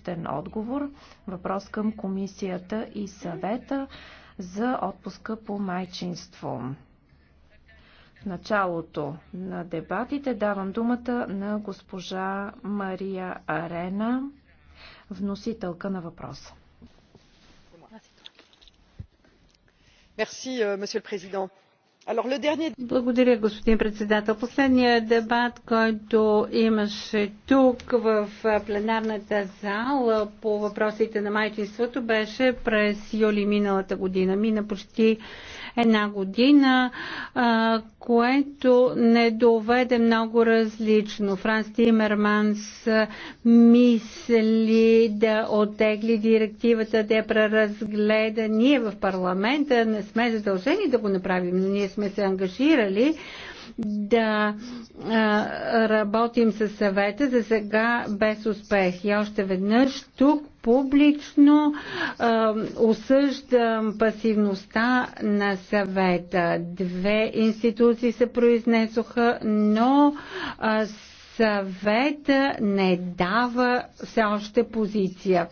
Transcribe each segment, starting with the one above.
устен отговор, въпрос към комисията и съвета за отпуска по майчинство. В началото на дебатите давам думата на госпожа Мария Арена, вносителка на въпроса. Merci, euh, monsieur президент. Благодаря, господин председател. Последният дебат, който имаше тук в пленарната зала по въпросите на майчинството, беше през юли миналата година. Мина почти една година, а, което не доведе много различно. Франс Тимерманс мисли да оттегли директивата, да я преразгледа. Ние в парламента не сме задължени да го направим, но ние сме се ангажирали да а, работим със съвета за сега без успех. И още веднъж тук публично а, осъждам пасивността на съвета. Две институции се произнесоха, но а, съвета не дава все още позиция.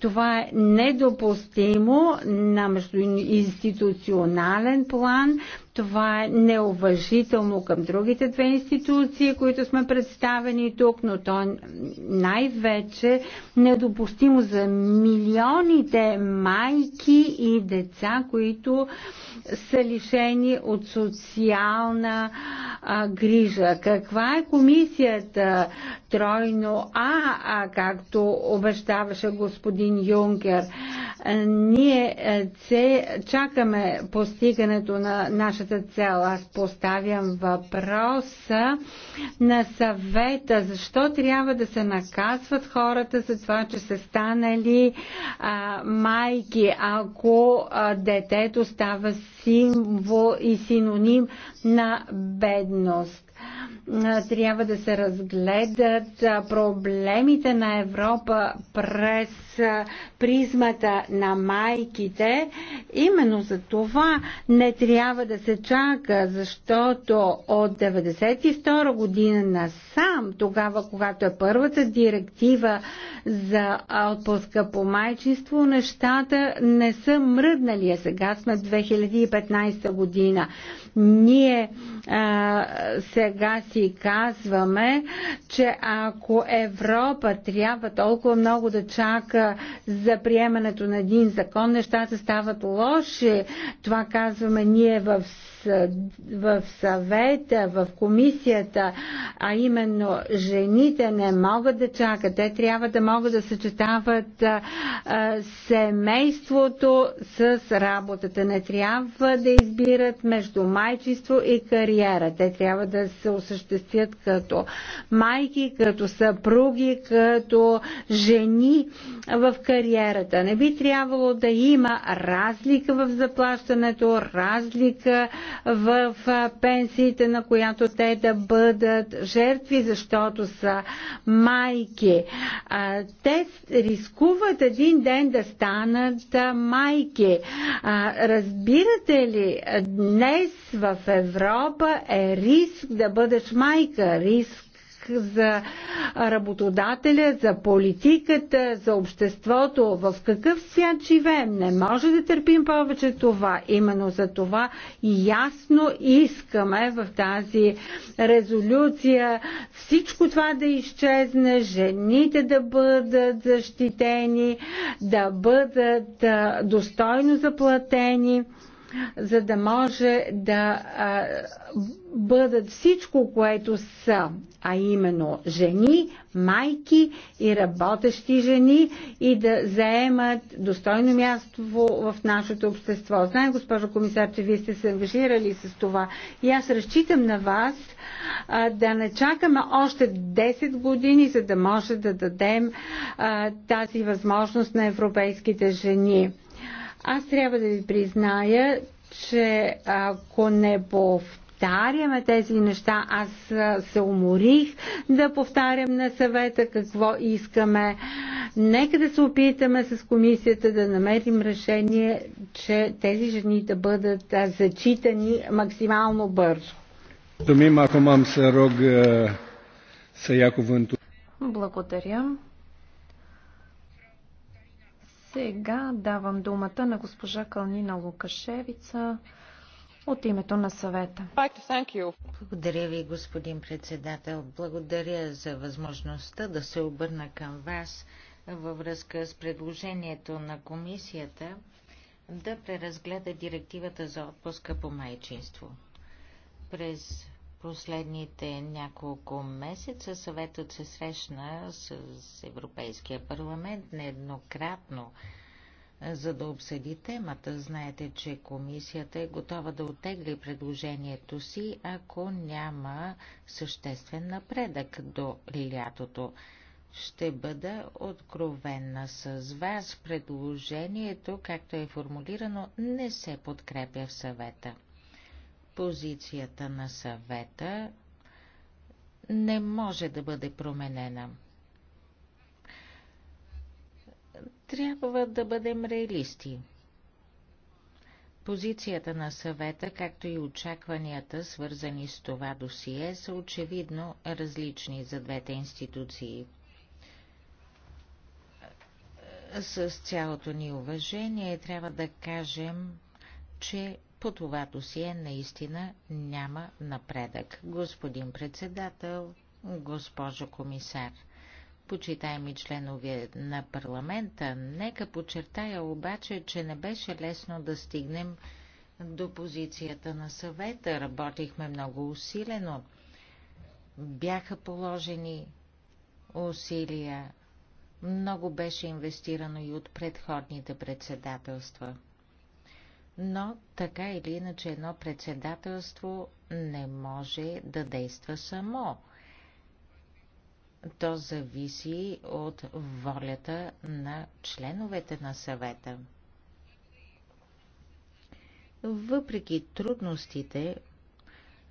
Това е недопустимо на междуинституционален план. Това е неуважително към другите две институции, които сме представени тук, но то най-вече недопустимо за милионите майки и деца, които са лишени от социална а, грижа. Каква е комисията? тройно А, а както обещаваше господин Юнкер. Ние е, це, чакаме постигането на нашата цел. Аз поставям въпроса на съвета. Защо трябва да се наказват хората за това, че са станали а, майки, ако а, детето става символ и синоним на бедност? трябва да се разгледат проблемите на Европа през призмата на майките. Именно за това не трябва да се чака, защото от 1992 година насам, тогава когато е първата директива за отпуска по майчинство, нещата не са мръднали, а сега сме 2015 година. Ние а, сега си казваме, че ако Европа трябва толкова много да чака за приемането на един закон, нещата стават лоши. Това казваме ние в в съвета, в комисията, а именно жените не могат да чакат. Те трябва да могат да съчетават семейството с работата. Не трябва да избират между майчество и кариера. Те трябва да се осъществят като майки, като съпруги, като жени в кариерата. Не би трябвало да има разлика в заплащането, разлика в пенсиите, на която те да бъдат жертви, защото са майки. Те рискуват един ден да станат майки. Разбирате ли, днес в Европа е риск да бъдеш майка, риск за работодателя, за политиката, за обществото. В какъв свят живеем? Не може да търпим повече това. Именно за това ясно искаме в тази резолюция всичко това да изчезне, жените да бъдат защитени, да бъдат достойно заплатени за да може да а, бъдат всичко, което са, а именно жени, майки и работещи жени и да заемат достойно място в нашето общество. Знаем, госпожо комисар, че вие сте се ангажирали с това и аз разчитам на вас а, да не чакаме още 10 години, за да може да дадем а, тази възможност на европейските жени. Аз трябва да ви призная, че ако не повтаряме тези неща, аз се уморих да повтарям на съвета какво искаме. Нека да се опитаме с комисията да намерим решение, че тези жени да бъдат зачитани максимално бързо. Благодаря. Сега давам думата на госпожа Кълнина Лукашевица от името на съвета. Благодаря ви, господин председател. Благодаря за възможността да се обърна към вас във връзка с предложението на комисията да преразгледа директивата за отпуска по майчинство. През последните няколко месеца съветът се срещна с Европейския парламент нееднократно, за да обсъди темата. Знаете, че комисията е готова да отегли предложението си, ако няма съществен напредък до лятото. Ще бъда откровенна с вас. Предложението, както е формулирано, не се подкрепя в съвета позицията на съвета не може да бъде променена. Трябва да бъдем реалисти. Позицията на съвета, както и очакванията, свързани с това досие, са очевидно различни за двете институции. С цялото ни уважение трябва да кажем, че по това досие наистина няма напредък. Господин председател, госпожо комисар, почитаеми членове на парламента, нека почертая обаче, че не беше лесно да стигнем до позицията на съвета. Работихме много усилено. Бяха положени усилия. Много беше инвестирано и от предходните председателства но така или иначе едно председателство не може да действа само. То зависи от волята на членовете на съвета. Въпреки трудностите,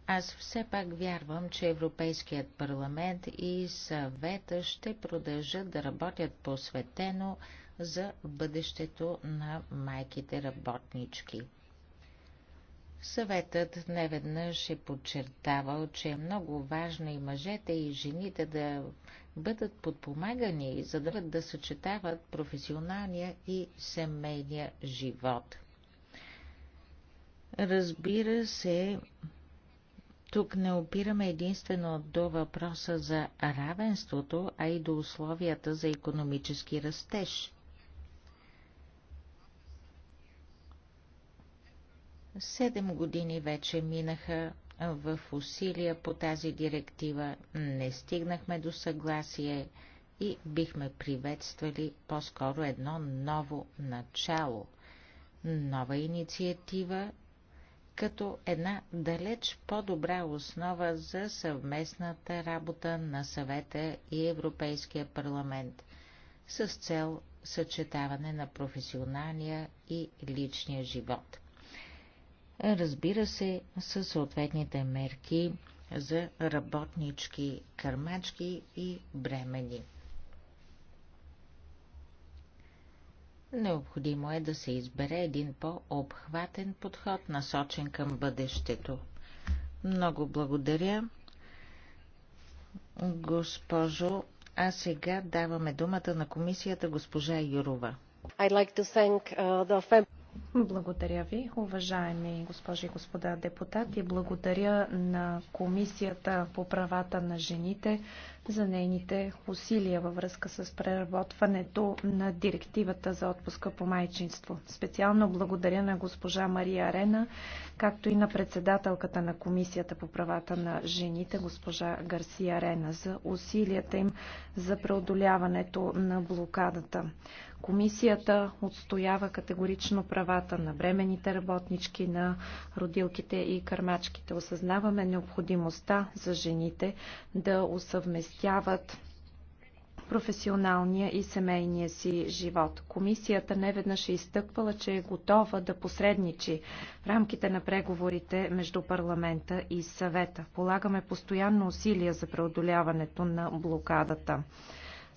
аз все пак вярвам, че Европейският парламент и съвета ще продължат да работят посветено за бъдещето на майките работнички. Съветът неведнъж е подчертавал, че е много важно и мъжете и жените да бъдат подпомагани, за да, да съчетават професионалния и семейния живот. Разбира се, тук не опираме единствено до въпроса за равенството, а и до условията за економически растеж – Седем години вече минаха в усилия по тази директива, не стигнахме до съгласие и бихме приветствали по-скоро едно ново начало, нова инициатива, като една далеч по-добра основа за съвместната работа на съвета и Европейския парламент с цел съчетаване на професионалния и личния живот – разбира се, със съответните мерки за работнички, кърмачки и бремени. Необходимо е да се избере един по-обхватен подход, насочен към бъдещето. Много благодаря, госпожо. А сега даваме думата на комисията госпожа Юрова. I'd like to thank, uh, the благодаря ви, уважаеми госпожи и господа депутати. Благодаря на Комисията по правата на жените за нейните усилия във връзка с преработването на директивата за отпуска по майчинство. Специално благодаря на госпожа Мария Арена, както и на председателката на Комисията по правата на жените, госпожа Гарсия Арена, за усилията им за преодоляването на блокадата. Комисията отстоява категорично правата на бременните работнички, на родилките и кърмачките. Осъзнаваме необходимостта за жените да усъвместяват професионалния и семейния си живот. Комисията неведнъж е изтъквала, че е готова да посредничи в рамките на преговорите между парламента и съвета. Полагаме постоянно усилия за преодоляването на блокадата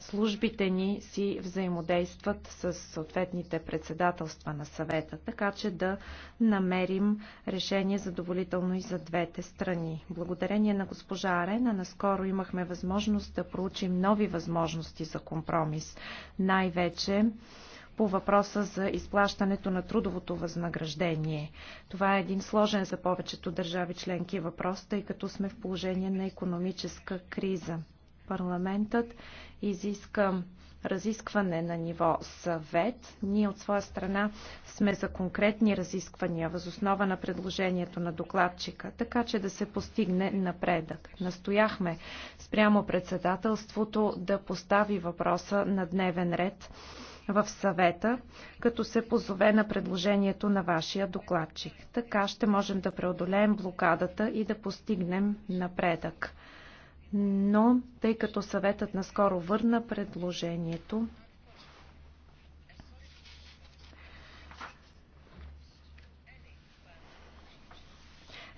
службите ни си взаимодействат с съответните председателства на съвета, така че да намерим решение задоволително и за двете страни. Благодарение на госпожа Арена, наскоро имахме възможност да проучим нови възможности за компромис, най-вече по въпроса за изплащането на трудовото възнаграждение. Това е един сложен за повечето държави членки въпрос, тъй като сме в положение на економическа криза парламентът изиска разискване на ниво съвет. Ние от своя страна сме за конкретни разисквания възоснова на предложението на докладчика, така че да се постигне напредък. Настояхме спрямо председателството да постави въпроса на дневен ред в съвета, като се позове на предложението на вашия докладчик. Така ще можем да преодолеем блокадата и да постигнем напредък но тъй като съветът наскоро върна предложението,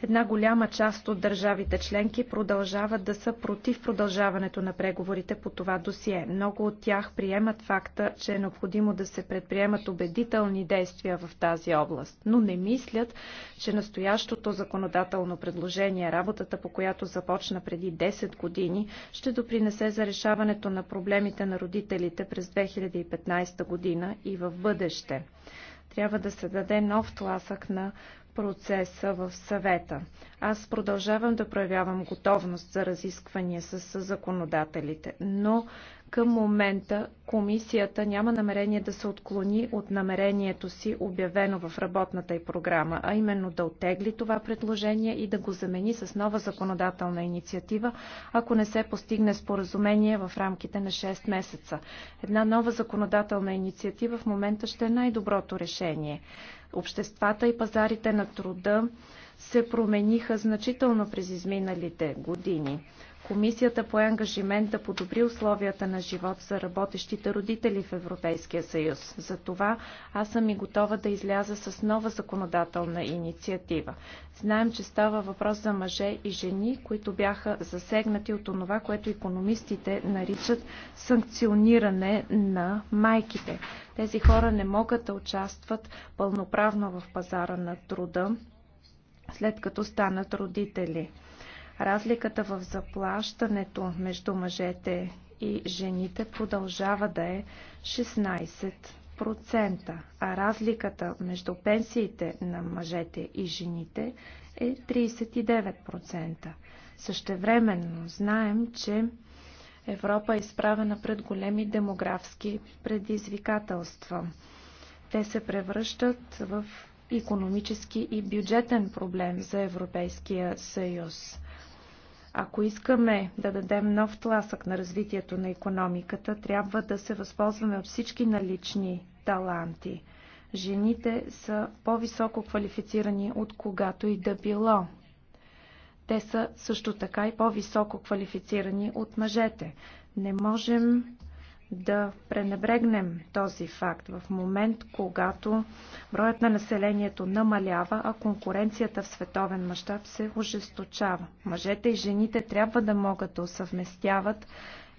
Една голяма част от държавите членки продължават да са против продължаването на преговорите по това досие. Много от тях приемат факта, че е необходимо да се предприемат убедителни действия в тази област, но не мислят, че настоящото законодателно предложение, работата по която започна преди 10 години, ще допринесе за решаването на проблемите на родителите през 2015 година и в бъдеще. Трябва да се даде нов тласък на процеса в съвета. Аз продължавам да проявявам готовност за разисквания с законодателите, но към момента комисията няма намерение да се отклони от намерението си, обявено в работната й програма, а именно да отегли това предложение и да го замени с нова законодателна инициатива, ако не се постигне споразумение в рамките на 6 месеца. Една нова законодателна инициатива в момента ще е най-доброто решение. Обществата и пазарите на труда се промениха значително през изминалите години. Комисията по ангажимент да подобри условията на живот за работещите родители в Европейския съюз. За това аз съм и готова да изляза с нова законодателна инициатива. Знаем, че става въпрос за мъже и жени, които бяха засегнати от онова, което економистите наричат санкциониране на майките. Тези хора не могат да участват пълноправно в пазара на труда, след като станат родители. Разликата в заплащането между мъжете и жените продължава да е 16%, а разликата между пенсиите на мъжете и жените е 39%. Същевременно знаем, че Европа е изправена пред големи демографски предизвикателства. Те се превръщат в економически и бюджетен проблем за Европейския съюз. Ако искаме да дадем нов тласък на развитието на економиката, трябва да се възползваме от всички налични таланти. Жените са по-високо квалифицирани от когато и да било. Те са също така и по-високо квалифицирани от мъжете. Не можем да пренебрегнем този факт в момент, когато броят на населението намалява, а конкуренцията в световен мащаб се ожесточава. Мъжете и жените трябва да могат да съвместяват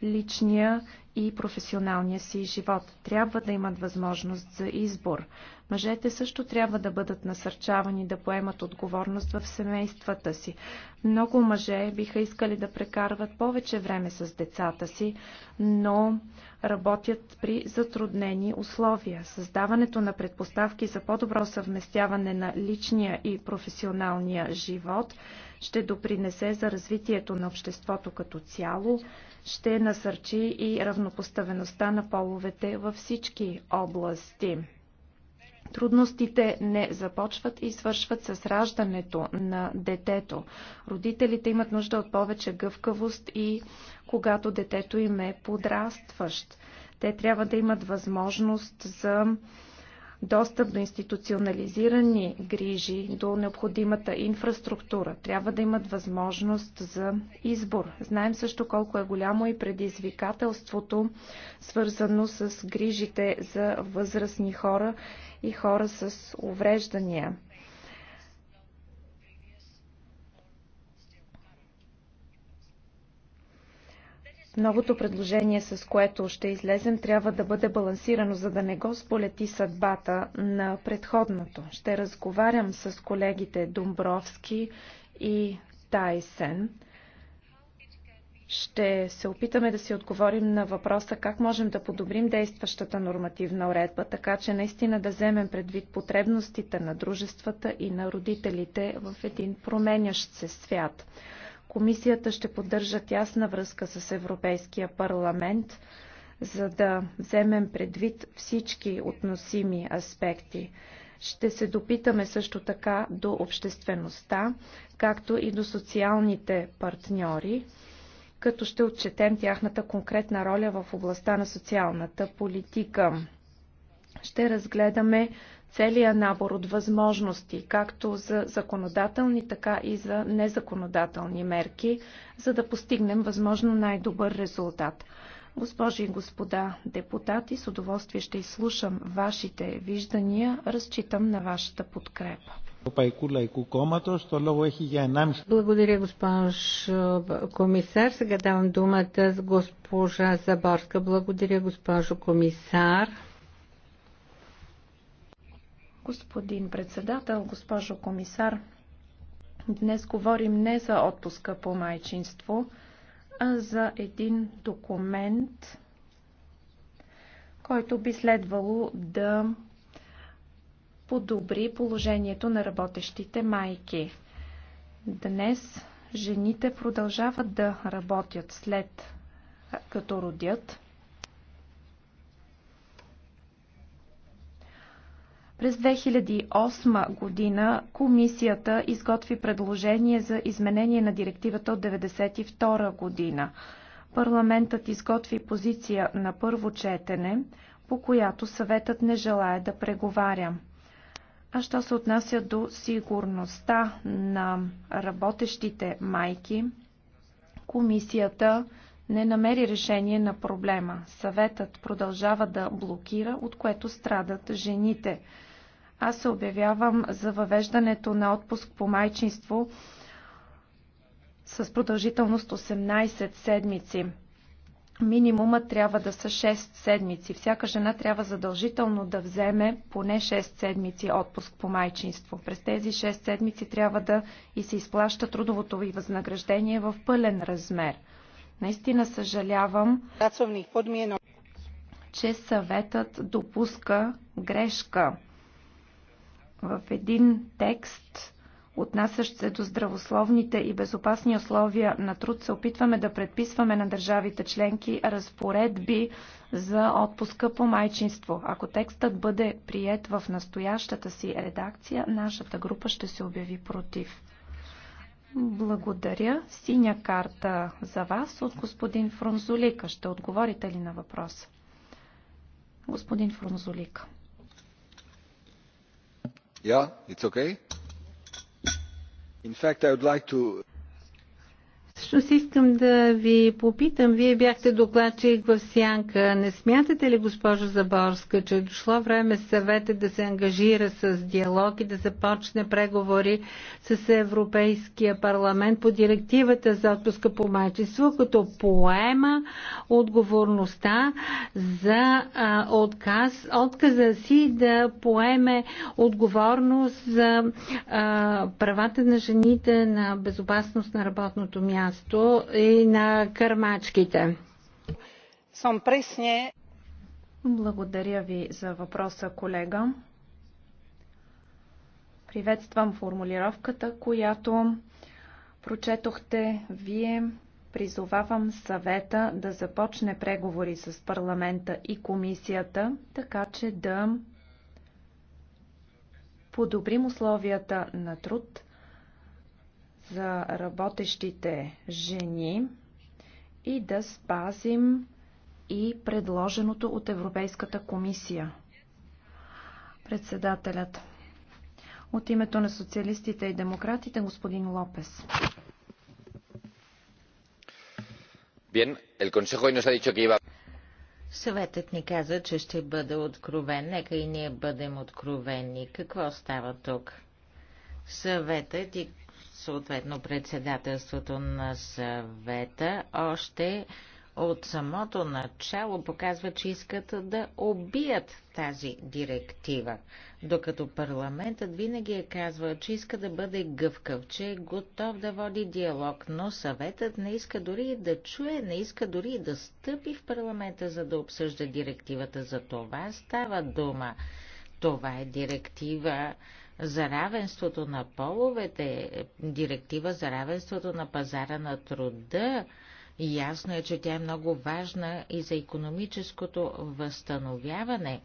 личния и професионалния си живот. Трябва да имат възможност за избор. Мъжете също трябва да бъдат насърчавани да поемат отговорност в семействата си. Много мъже биха искали да прекарват повече време с децата си, но работят при затруднени условия. Създаването на предпоставки за по-добро съвместяване на личния и професионалния живот ще допринесе за развитието на обществото като цяло, ще насърчи и равнопоставеността на половете във всички области. Трудностите не започват и свършват с раждането на детето. Родителите имат нужда от повече гъвкавост и когато детето им е подрастващ. Те трябва да имат възможност за достъп до институционализирани грижи, до необходимата инфраструктура. Трябва да имат възможност за избор. Знаем също колко е голямо и предизвикателството, свързано с грижите за възрастни хора и хора с увреждания. Новото предложение, с което ще излезем, трябва да бъде балансирано, за да не го сполети съдбата на предходното. Ще разговарям с колегите Домбровски и Тайсен. Ще се опитаме да си отговорим на въпроса как можем да подобрим действащата нормативна уредба, така че наистина да вземем предвид потребностите на дружествата и на родителите в един променящ се свят. Комисията ще поддържа тясна връзка с Европейския парламент, за да вземем предвид всички относими аспекти. Ще се допитаме също така до обществеността, както и до социалните партньори, като ще отчетем тяхната конкретна роля в областта на социалната политика. Ще разгледаме целия набор от възможности, както за законодателни, така и за незаконодателни мерки, за да постигнем възможно най-добър резултат. Госпожи и господа депутати, с удоволствие ще изслушам вашите виждания. Разчитам на вашата подкрепа. Благодаря, госпож комисар. Сега давам думата с госпожа Заборска. Благодаря, госпожо комисар. Господин председател, госпожо комисар, днес говорим не за отпуска по майчинство, а за един документ, който би следвало да подобри положението на работещите майки. Днес жените продължават да работят след като родят, През 2008 година комисията изготви предложение за изменение на директивата от 1992 година. Парламентът изготви позиция на първо четене, по която съветът не желая да преговаря. А що се отнася до сигурността на работещите майки, комисията не намери решение на проблема. Съветът продължава да блокира, от което страдат жените. Аз се обявявам за въвеждането на отпуск по майчинство с продължителност 18 седмици. Минимумът трябва да са 6 седмици. Всяка жена трябва задължително да вземе поне 6 седмици отпуск по майчинство. През тези 6 седмици трябва да и се изплаща трудовото и възнаграждение в пълен размер. Наистина съжалявам, че съветът допуска грешка в един текст, отнасящ се до здравословните и безопасни условия на труд, се опитваме да предписваме на държавите членки разпоредби за отпуска по майчинство. Ако текстът бъде прият в настоящата си редакция, нашата група ще се обяви против. Благодаря. Синя карта за вас от господин Фрунзолика. Ще отговорите ли на въпроса? Господин Фрунзолика in fact i would like to Всъщност искам да ви попитам, вие бяхте докладчик в Сянка. Не смятате ли, госпожо Заборска, че е дошло време съвета да се ангажира с диалог и да започне преговори с Европейския парламент по директивата за отпуска по майчество, като поема отговорността за а, отказ, отказа си да поеме отговорност за а, правата на жените на безопасност на работното място? място и на кърмачките. Съм пресне. Благодаря ви за въпроса, колега. Приветствам формулировката, която прочетохте вие. Призовавам съвета да започне преговори с парламента и комисията, така че да подобрим условията на труд за работещите жени и да спазим и предложеното от Европейската комисия. Председателят. От името на социалистите и демократите, господин Лопес. Bien, el Consejo nos ha dicho que iba... Съветът ни каза, че ще бъде откровен. Нека и ние бъдем откровени. Какво става тук? Съветът и съответно председателството на съвета още от самото начало показва, че искат да убият тази директива, докато парламентът винаги е казвал, че иска да бъде гъвкав, че е готов да води диалог, но съветът не иска дори да чуе, не иска дори да стъпи в парламента, за да обсъжда директивата. За това става дума. Това е директива, за равенството на половете, директива за равенството на пазара на труда. Ясно е, че тя е много важна и за економическото възстановяване.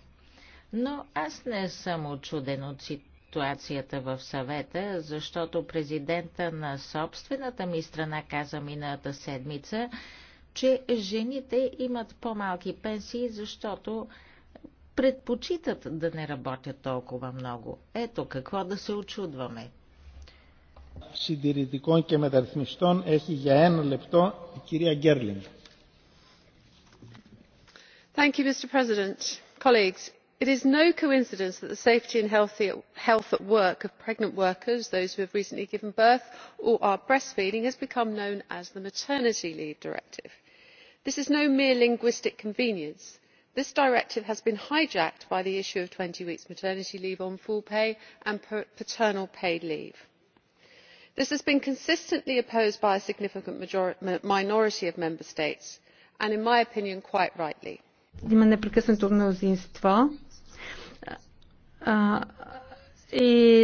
Но аз не съм очуден от ситуацията в съвета, защото президента на собствената ми страна каза миналата седмица, че жените имат по-малки пенсии, защото предпочитат да не работят толкова много. Ето какво да се очудваме. Συντηρητικών και μεταρρυθμιστών έχει για ένα λεπτό η κυρία Γκέρλινγκ. Thank you, Mr. President. Colleagues, it is no coincidence that the safety and health at work of pregnant workers, those who have recently given birth or are breastfeeding, has become known as the Maternity Leave Directive. This is no mere linguistic convenience this directive has been hijacked by the issue of twenty weeks' maternity leave on full pay and paternal paid leave. this has been consistently opposed by a significant minority of member states and in my opinion quite rightly.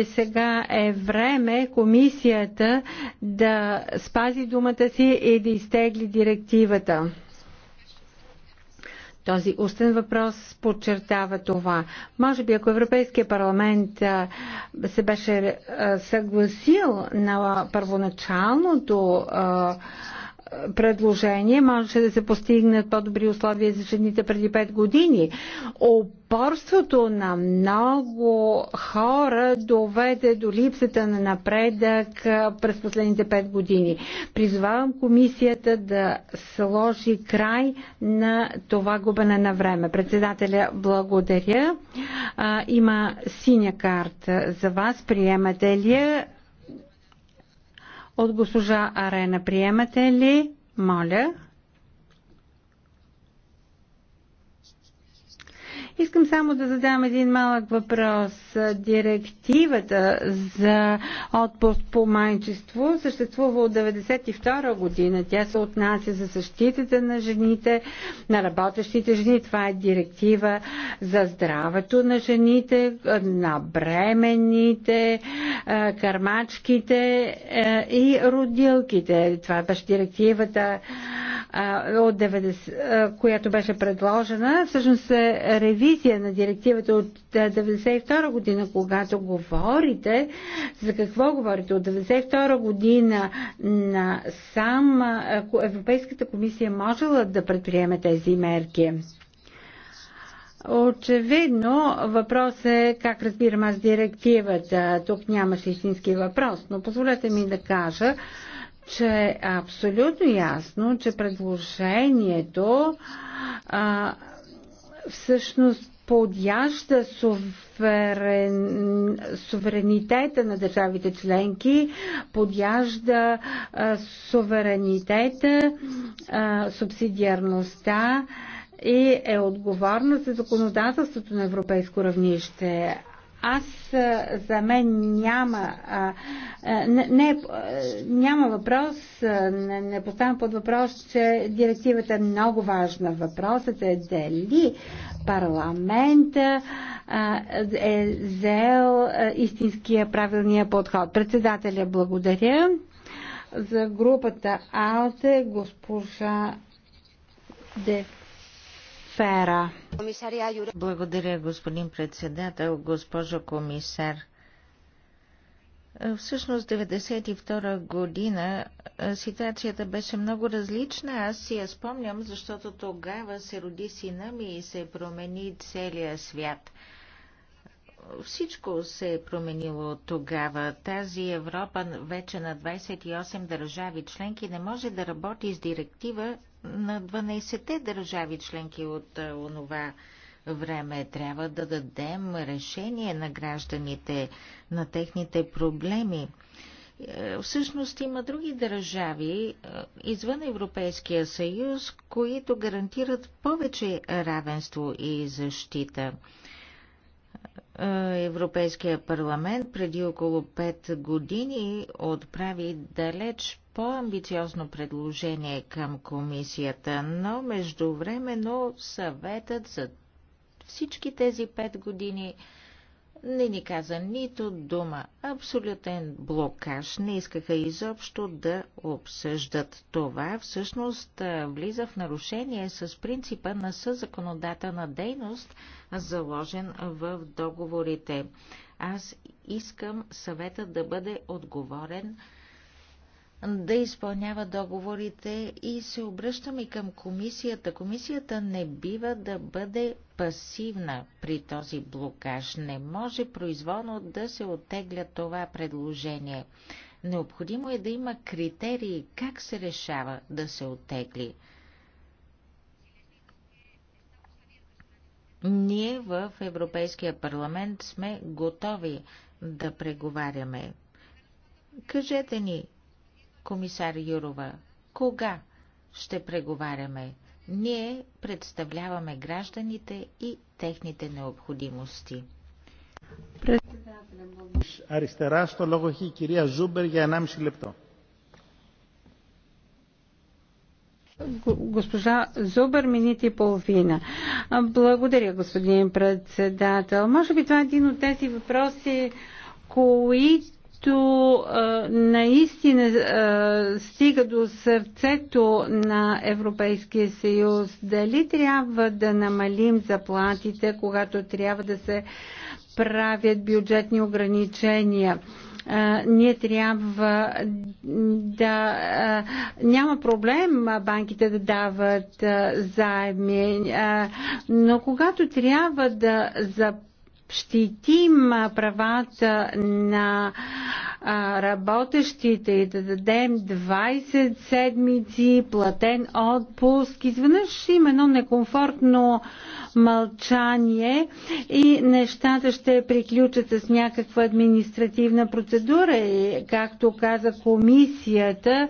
сега е време комисията да спази думата си и да изтегли директивата. Този устен въпрос подчертава това. Може би ако Европейския парламент се беше съгласил на първоначалното предложение можеше да се постигнат по-добри условия за жените преди 5 години. Опорството на много хора доведе до липсата на напредък през последните 5 години. Призвавам комисията да сложи край на това губене на време. Председателя, благодаря. Има синя карта за вас. Приемате ли я? от госпожа Арена. Приемате ли? Моля. Искам само да задам един малък въпрос. Директивата за отпуск по майчество съществува от 1992 година. Тя се отнася за защитата на жените, на работещите жени. Това е директива за здравето на жените, на бременните, кармачките и родилките. Това беше директивата от 90, която беше предложена, всъщност е ревизия на директивата от 1992 година, когато говорите, за какво говорите от 1992 година на сам Европейската комисия можела да предприеме тези мерки. Очевидно, въпрос е как разбирам аз директивата. Тук нямаше истински въпрос, но позволете ми да кажа, че е абсолютно ясно, че предложението а, всъщност подяжда суверен, суверенитета на държавите членки, подяжда а, суверенитета, а, субсидиарността и е отговорна за законодателството на европейско равнище аз за мен няма, не, не, няма въпрос, не, не поставям под въпрос, че директивата е много важна. Въпросът е дали парламента е взел истинския правилния подход. Председателя благодаря. За групата АЛТЕ госпожа Дев сфера. Благодаря, господин председател, госпожо комисар. Всъщност 1992 година ситуацията беше много различна. Аз си я спомням, защото тогава се роди сина ми и се промени целия свят. Всичко се е променило от тогава. Тази Европа вече на 28 държави членки не може да работи с директива на 12-те държави членки от е, онова време. Трябва да дадем решение на гражданите, на техните проблеми. Е, всъщност има други държави е, извън Европейския съюз, които гарантират повече равенство и защита. Европейския парламент преди около 5 години отправи далеч по-амбициозно предложение към комисията, но междувременно съветът за всички тези пет години не ни каза нито дума. Абсолютен блокаж. Не искаха изобщо да обсъждат това. Всъщност влиза в нарушение с принципа на съзаконодателна дейност, заложен в договорите. Аз искам съвета да бъде отговорен да изпълнява договорите и се обръщаме към комисията. Комисията не бива да бъде пасивна при този блокаж. Не може произволно да се оттегля това предложение. Необходимо е да има критерии как се решава да се оттегли. Ние в Европейския парламент сме готови да преговаряме. Кажете ни, Комисар Юрова, кога ще преговаряме? Ние представляваме гражданите и техните необходимости. Аристера, στο лого хи кирия Зубер, я една 1,5 лепто. Госпожа Зубер, минути и половина. Благодаря, господин председател. Може би това е един от тези въпроси, които който а, наистина а, стига до сърцето на Европейския съюз. Дали трябва да намалим заплатите, когато трябва да се правят бюджетни ограничения? ние трябва да. Няма проблем банките да дават заеми, но когато трябва да заплатим, щитим правата на работещите и да дадем 20 седмици платен отпуск. Изведнъж има едно некомфортно мълчание и нещата ще приключат с някаква административна процедура. И, както каза комисията,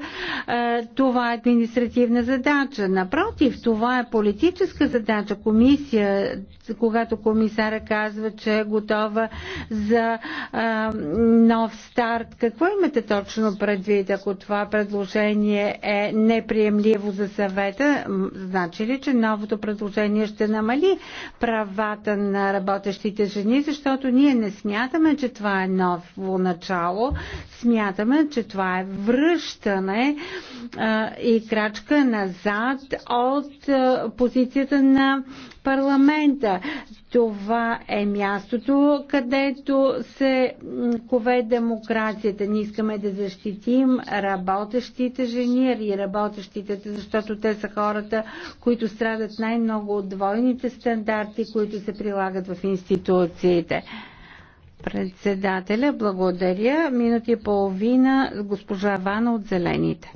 това е административна задача. Напротив, това е политическа задача. Комисия, когато комисара казва, че вече е готова за а, нов старт. Какво имате точно предвид, ако това предложение е неприемливо за съвета? Значи ли, че новото предложение ще намали правата на работещите жени, защото ние не смятаме, че това е ново начало, смятаме, че това е връщане а, и крачка назад от а, позицията на парламента. Това е мястото, където се кове демокрацията. Ние искаме да защитим работещите жени и работещите, защото те са хората, които страдат най-много от двойните стандарти, които се прилагат в институциите. Председателя, благодаря. Минути и половина госпожа Вана от Зелените.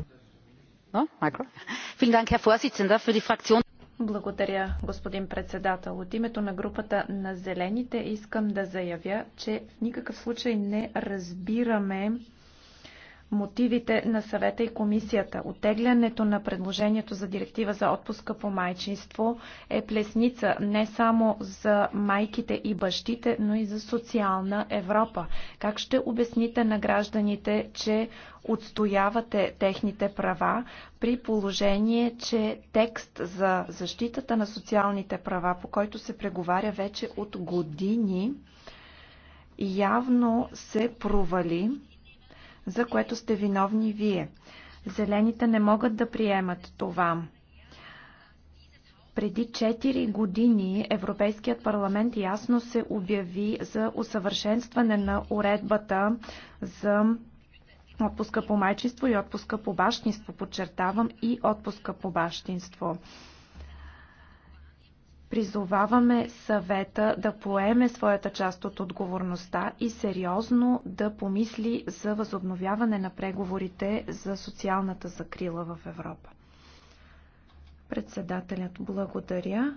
Herr Vorsitzender, für die Fraktion благодаря, господин председател. От името на групата на зелените искам да заявя, че в никакъв случай не разбираме мотивите на съвета и комисията. Оттеглянето на предложението за директива за отпуска по майчинство е плесница не само за майките и бащите, но и за социална Европа. Как ще обясните на гражданите, че отстоявате техните права при положение, че текст за защитата на социалните права, по който се преговаря вече от години, явно се провали за което сте виновни вие. Зелените не могат да приемат това. Преди 4 години Европейският парламент ясно се обяви за усъвършенстване на уредбата за отпуска по майчинство и отпуска по бащинство. Подчертавам и отпуска по бащинство. Призоваваме съвета да поеме своята част от отговорността и сериозно да помисли за възобновяване на преговорите за социалната закрила в Европа. Председателят благодаря.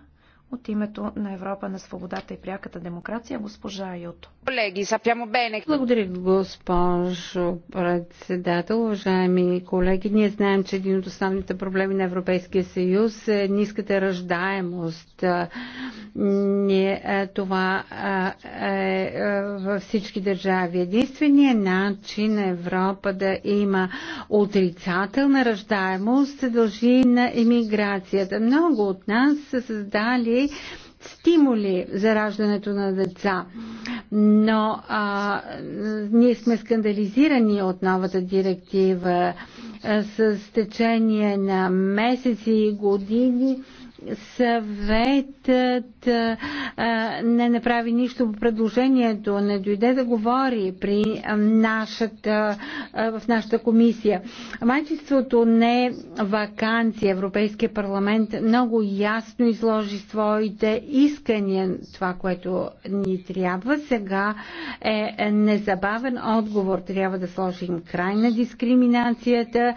От името на Европа на свободата и пряката демокрация, госпожа Юто. Колеги, сапямо бене. Благодаря, госпожо председател. Уважаеми колеги, ние знаем, че един от основните проблеми на Европейския съюз е ниската ръждаемост. Ние, е, това е, е във всички държави. Единственият начин на Европа да има отрицателна ръждаемост се дължи на емиграцията. Много от нас са създали тези стимули за раждането на деца. Но а, ние сме скандализирани от новата директива а, с течение на месеци и години съветът а, не направи нищо по предложението, не дойде да говори при нашата, а, в нашата комисия. Майчеството не е вакансия. Европейския парламент много ясно изложи своите искания. Това, което ни трябва сега е незабавен отговор. Трябва да сложим край на дискриминацията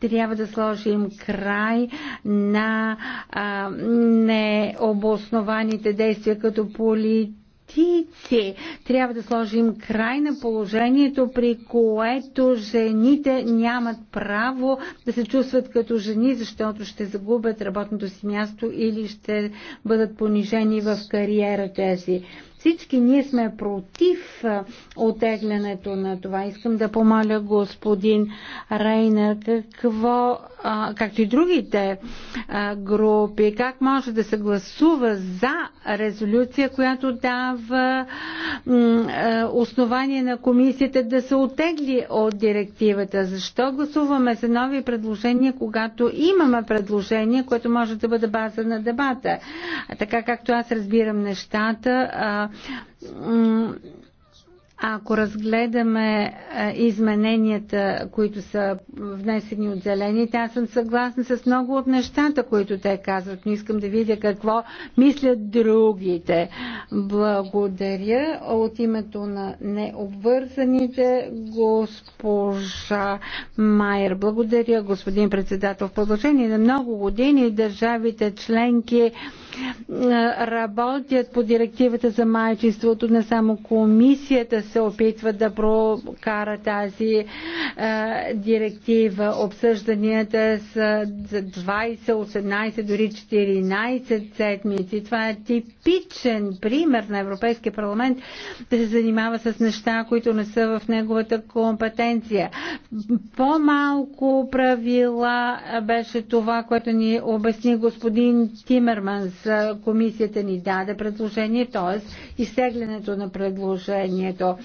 трябва да сложим край на а, необоснованите действия като политици. Трябва да сложим край на положението, при което жените нямат право да се чувстват като жени, защото ще загубят работното си място или ще бъдат понижени в кариерата си. Всички ние сме против отеглянето на това. Искам да помоля господин Рейна какво, а, както и другите а, групи, как може да се гласува за резолюция, която дава основание на комисията да се отегли от директивата. Защо гласуваме за нови предложения, когато имаме предложение, което може да бъде база на дебата? Така както аз разбирам нещата, ако разгледаме измененията, които са внесени от зелените, аз съм съгласна с много от нещата, които те казват, но искам да видя какво мислят другите. Благодаря от името на необвързаните госпожа Майер. Благодаря, господин председател. В продължение на много години държавите членки работят по директивата за майчеството. Не само комисията се опитва да прокара тази е, директива. Обсъжданията са за 20, 18, дори 14 седмици. Това е типичен пример на Европейския парламент да се занимава с неща, които не са в неговата компетенция. По-малко правила беше това, което ни обясни господин Тимерманс комисията ни даде предложение, т.е. изтеглянето на предложението.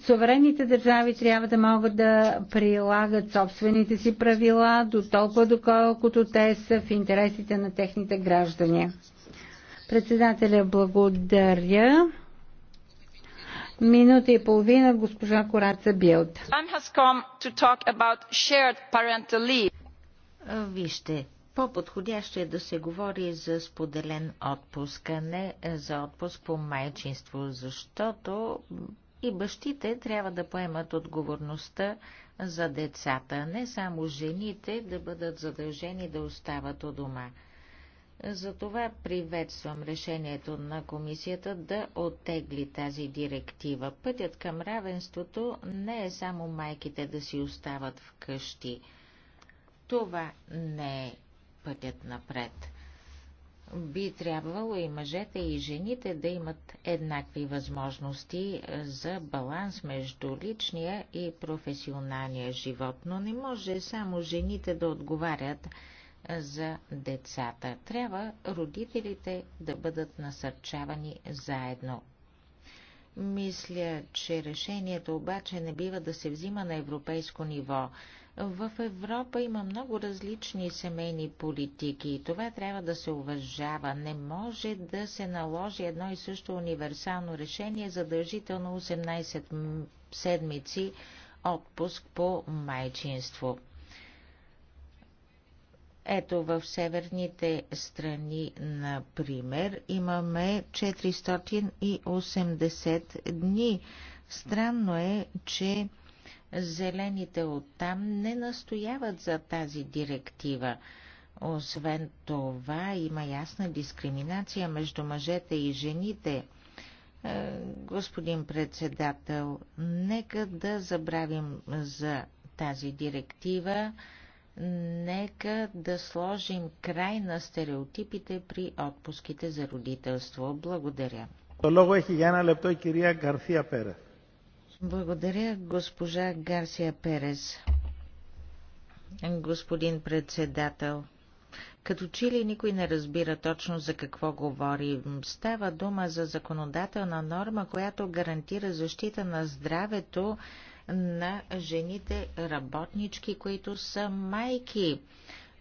Суверенните държави трябва да могат да прилагат собствените си правила до толкова доколкото те са в интересите на техните граждани. Председателя благодаря. Минута и половина госпожа Кораца Билд. Вижте, по-подходящо е да се говори за споделен отпуск, а не за отпуск по майчинство, защото и бащите трябва да поемат отговорността за децата, не само жените да бъдат задължени да остават у дома. Затова приветствам решението на комисията да оттегли тази директива. Пътят към равенството не е само майките да си остават вкъщи. Това не е пътят напред. Би трябвало и мъжете и жените да имат еднакви възможности е, за баланс между личния и професионалния живот, но не може само жените да отговарят е, за децата. Трябва родителите да бъдат насърчавани заедно. Мисля, че решението обаче не бива да се взима на европейско ниво. В Европа има много различни семейни политики и това трябва да се уважава. Не може да се наложи едно и също универсално решение, задължително 18 седмици отпуск по майчинство. Ето в северните страни, например, имаме 480 дни. Странно е, че Зелените оттам не настояват за тази директива. Освен това, има ясна дискриминация между мъжете и жените. Е, господин председател, нека да забравим за тази директива, нека да сложим край на стереотипите при отпуските за родителство. Благодаря. Благодаря, госпожа Гарсия Перес. Господин председател, като че ли никой не разбира точно за какво говори. Става дума за законодателна норма, която гарантира защита на здравето на жените работнички, които са майки.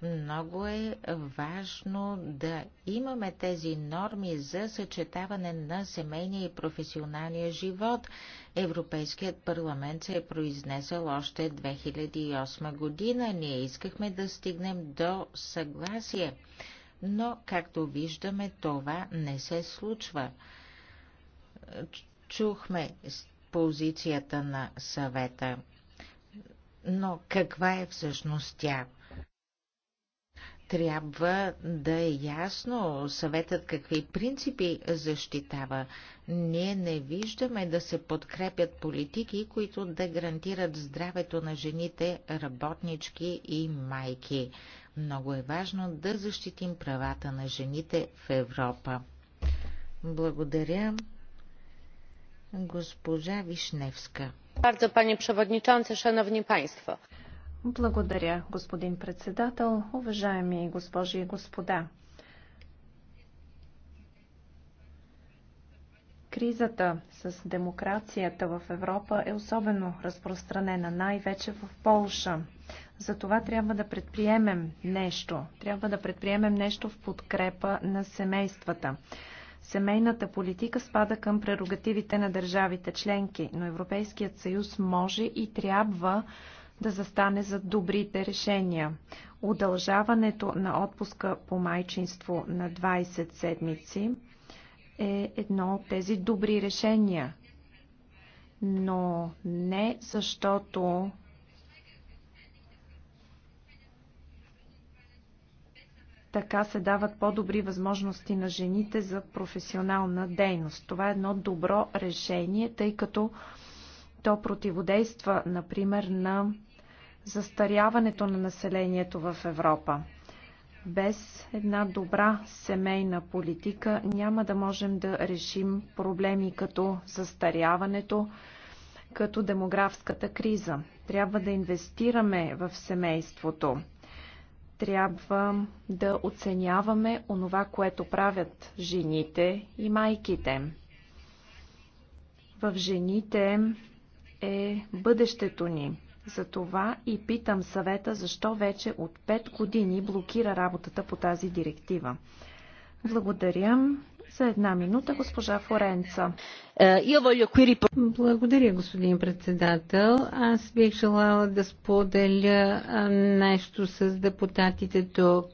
Много е важно да имаме тези норми за съчетаване на семейния и професионалния живот. Европейският парламент се е произнесъл още 2008 година. Ние искахме да стигнем до съгласие, но, както виждаме, това не се случва. Чухме позицията на съвета. Но каква е всъщност тя? трябва да е ясно съветът какви принципи защитава. Ние не виждаме да се подкрепят политики, които да гарантират здравето на жените, работнички и майки. Много е важно да защитим правата на жените в Европа. Благодаря. Госпожа Вишневска. Bardzo panie przewodniczący, szanowni państwo. Благодаря, господин председател, уважаеми госпожи и господа. Кризата с демокрацията в Европа е особено разпространена, най-вече в Полша. За това трябва да предприемем нещо. Трябва да предприемем нещо в подкрепа на семействата. Семейната политика спада към прерогативите на държавите членки, но Европейският съюз може и трябва да застане за добрите решения. Удължаването на отпуска по майчинство на 20 седмици е едно от тези добри решения. Но не защото така се дават по-добри възможности на жените за професионална дейност. Това е едно добро решение, тъй като то противодейства, например, на застаряването на населението в Европа. Без една добра семейна политика няма да можем да решим проблеми като застаряването, като демографската криза. Трябва да инвестираме в семейството. Трябва да оценяваме онова, което правят жените и майките. В жените е бъдещето ни. Затова и питам съвета, защо вече от 5 години блокира работата по тази директива. Благодаря. За една минута госпожа Форенца. Е, Благодаря, господин председател. Аз бих желала да споделя нещо с депутатите тук.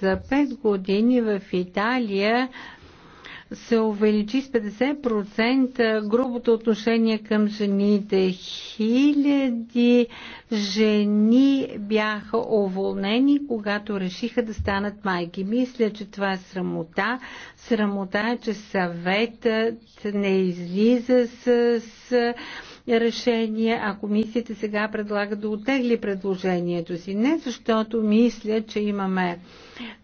За 5 години в Италия се увеличи с 50% грубото отношение към жените. Хиляди жени бяха уволнени, когато решиха да станат майки. Мисля, че това е срамота. Срамота е, че съветът не излиза с решение, а комисията сега предлага да отегли предложението си. Не защото мисля, че имаме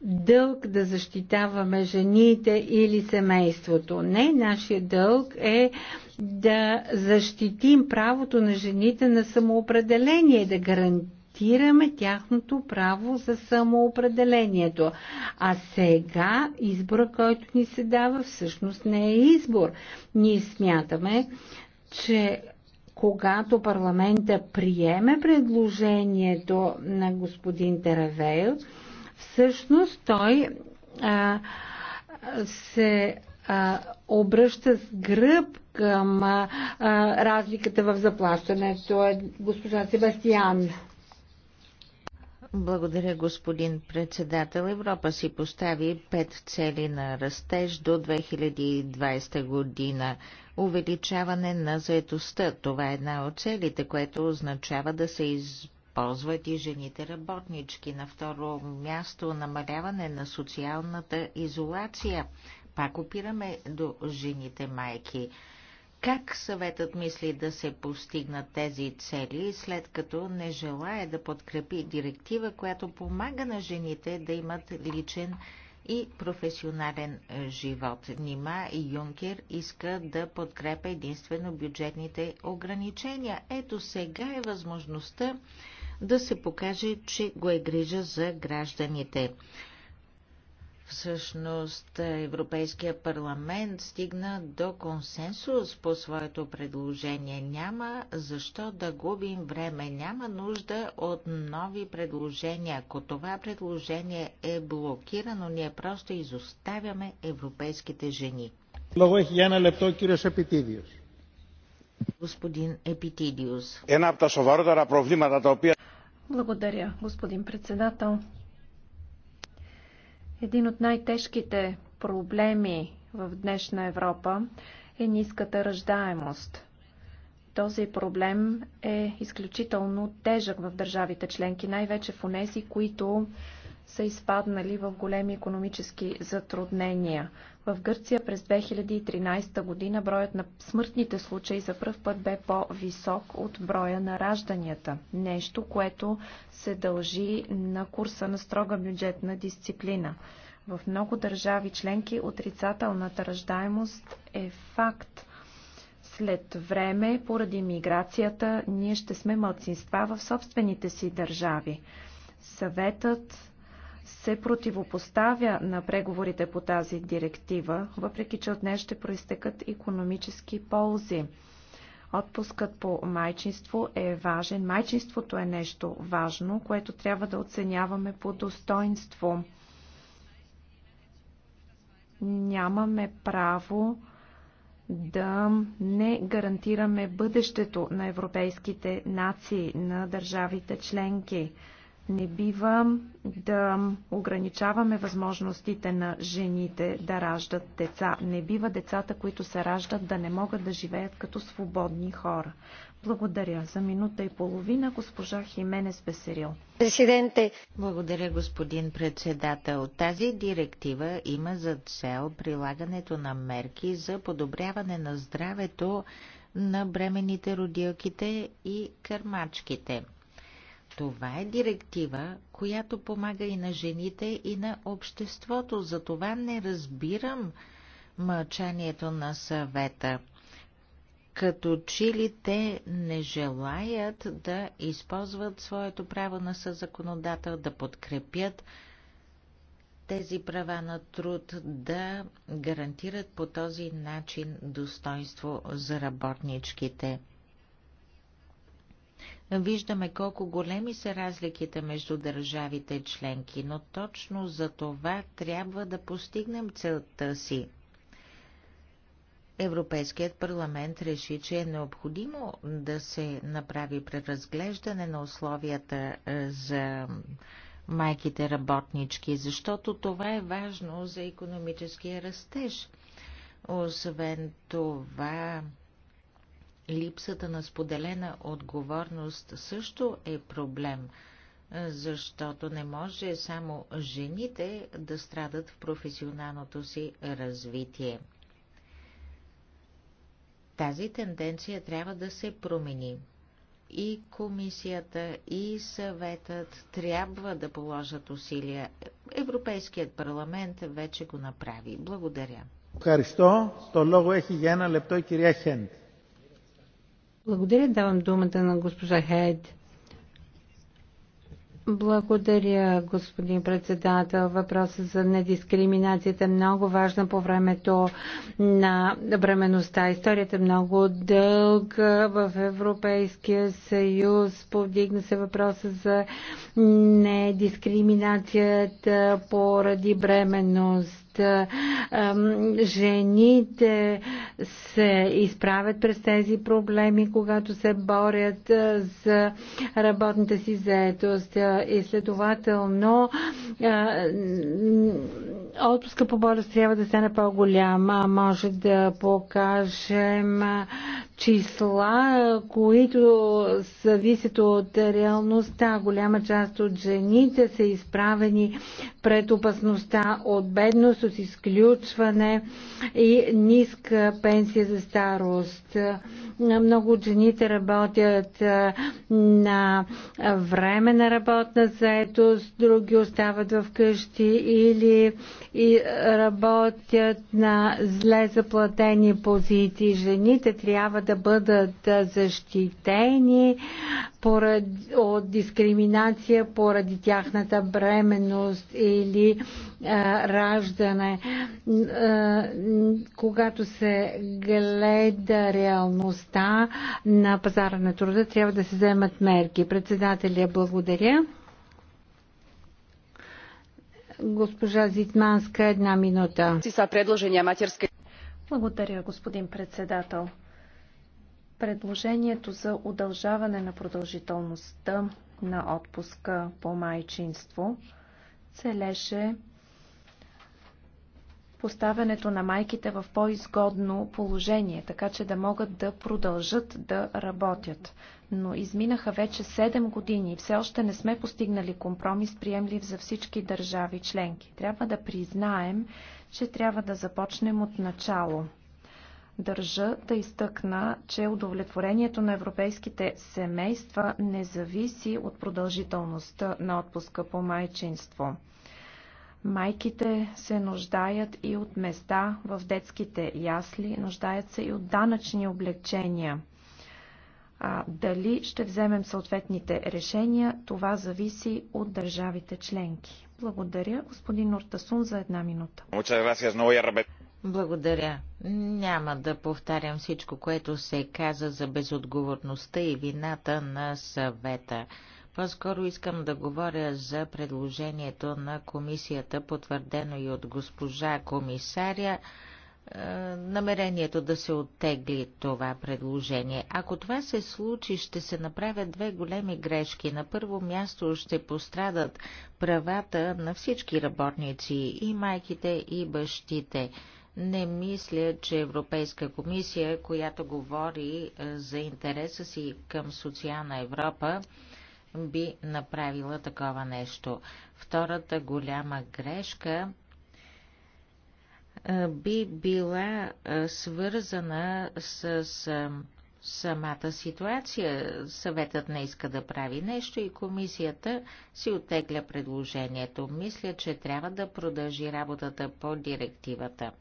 дълг да защитаваме жените или семейството. Не, нашия дълг е да защитим правото на жените на самоопределение, да гарантираме гарантираме тяхното право за самоопределението. А сега избора, който ни се дава, всъщност не е избор. Ние смятаме, че когато парламента приеме предложението на господин Теравейл, всъщност той а, се а, обръща с гръб към а, а, разликата в заплащането. Е, госпожа Себастиян. Благодаря, господин председател. Европа си постави пет цели на растеж до 2020 година увеличаване на заетостта. Това е една от целите, което означава да се използват и жените работнички. На второ място намаляване на социалната изолация. Пак опираме до жените майки. Как съветът мисли да се постигнат тези цели, след като не желая да подкрепи директива, която помага на жените да имат личен и професионален е, живот. Нима Юнкер иска да подкрепя единствено бюджетните ограничения. Ето сега е възможността да се покаже, че го е грижа за гражданите. Всъщност Европейския парламент стигна до консенсус по своето предложение. Няма защо да губим време, няма нужда от нови предложения. Ако това предложение е блокирано, ние просто изоставяме европейските жени. Λόγο έχει για ένα λεπτό ο Господин Епитидиус. Ένα από τα σοβαρότερα προβλήματα Благодаря, господин председател. Един от най-тежките проблеми в днешна Европа е ниската ръждаемост. Този проблем е изключително тежък в държавите членки, най-вече в онези, които са изпаднали в големи економически затруднения. В Гърция през 2013 година броят на смъртните случаи за пръв път бе по-висок от броя на ражданията. Нещо, което се дължи на курса на строга бюджетна дисциплина. В много държави членки отрицателната раждаемост е факт. След време, поради миграцията, ние ще сме мълцинства в собствените си държави. Съветът се противопоставя на преговорите по тази директива, въпреки че от нея ще проистекат економически ползи. Отпускът по майчинство е важен. Майчинството е нещо важно, което трябва да оценяваме по достоинство. Нямаме право да не гарантираме бъдещето на европейските нации, на държавите членки. Не бива да ограничаваме възможностите на жените да раждат деца. Не бива децата, които се раждат, да не могат да живеят като свободни хора. Благодаря. За минута и половина госпожа Хименес Бесерил. Президенте. Благодаря, господин председател. Тази директива има за цел прилагането на мерки за подобряване на здравето на бременните родилките и кърмачките. Това е директива, която помага и на жените, и на обществото. Затова не разбирам мълчанието на съвета. Като ли те не желаят да използват своето право на съзаконодател, да подкрепят тези права на труд, да гарантират по този начин достоинство за работничките. Виждаме колко големи са разликите между държавите членки, но точно за това трябва да постигнем целта си. Европейският парламент реши, че е необходимо да се направи преразглеждане на условията е, за майките работнички, защото това е важно за економическия растеж. Освен това, Липсата на споделена отговорност също е проблем, защото не може само жените да страдат в професионалното си развитие. Тази тенденция трябва да се промени. И комисията, и съветът трябва да положат усилия. Европейският парламент вече го направи. Благодаря. Благодаря. Το λόγο έχει για ένα λεπτό η κυρία Χέντ. Благодаря. Давам думата на госпожа Хед. Благодаря, господин председател. Въпросът за недискриминацията е много важна по времето на бременността. Историята е много дълга в Европейския съюз. Повдигна се въпроса за недискриминацията поради бременност Жените се изправят през тези проблеми, когато се борят за работната си заетост. И следователно отпуска по болест трябва да стане по-голяма. Може да покажем числа, които зависят от реалността. Голяма част от жените са изправени пред опасността от бедност, от изключване и ниска пенсия за старост. Много от жените работят на време на работна заетост, други остават в къщи или и работят на зле заплатени позиции. Жените трябва да бъдат защитени поради, от дискриминация поради тяхната бременност или а, раждане. А, когато се гледа реалността на пазара на труда, трябва да се вземат мерки. Председателя, благодаря. Госпожа Зитманска, една минута. Благодаря, господин председател. Предложението за удължаване на продължителността на отпуска по майчинство целеше поставянето на майките в по-изгодно положение, така че да могат да продължат да работят. Но изминаха вече 7 години и все още не сме постигнали компромис, приемлив за всички държави членки. Трябва да признаем, че трябва да започнем от начало – Държа да изтъкна, че удовлетворението на европейските семейства не зависи от продължителността на отпуска по майчинство. Майките се нуждаят и от места в детските ясли, нуждаят се и от данъчни облегчения. А дали ще вземем съответните решения, това зависи от държавите членки. Благодаря, господин Ортасун за една минута. Благодаря. Няма да повтарям всичко, което се каза за безотговорността и вината на съвета. По-скоро искам да говоря за предложението на комисията, потвърдено и от госпожа комисаря, е, намерението да се оттегли това предложение. Ако това се случи, ще се направят две големи грешки. На първо място ще пострадат правата на всички работници, и майките, и бащите. Не мисля, че Европейска комисия, която говори е, за интереса си към социална Европа, би направила такова нещо. Втората голяма грешка е, би била е, свързана с самата ситуация. Съветът не иска да прави нещо и комисията си отегля предложението. Мисля, че трябва да продължи работата по директивата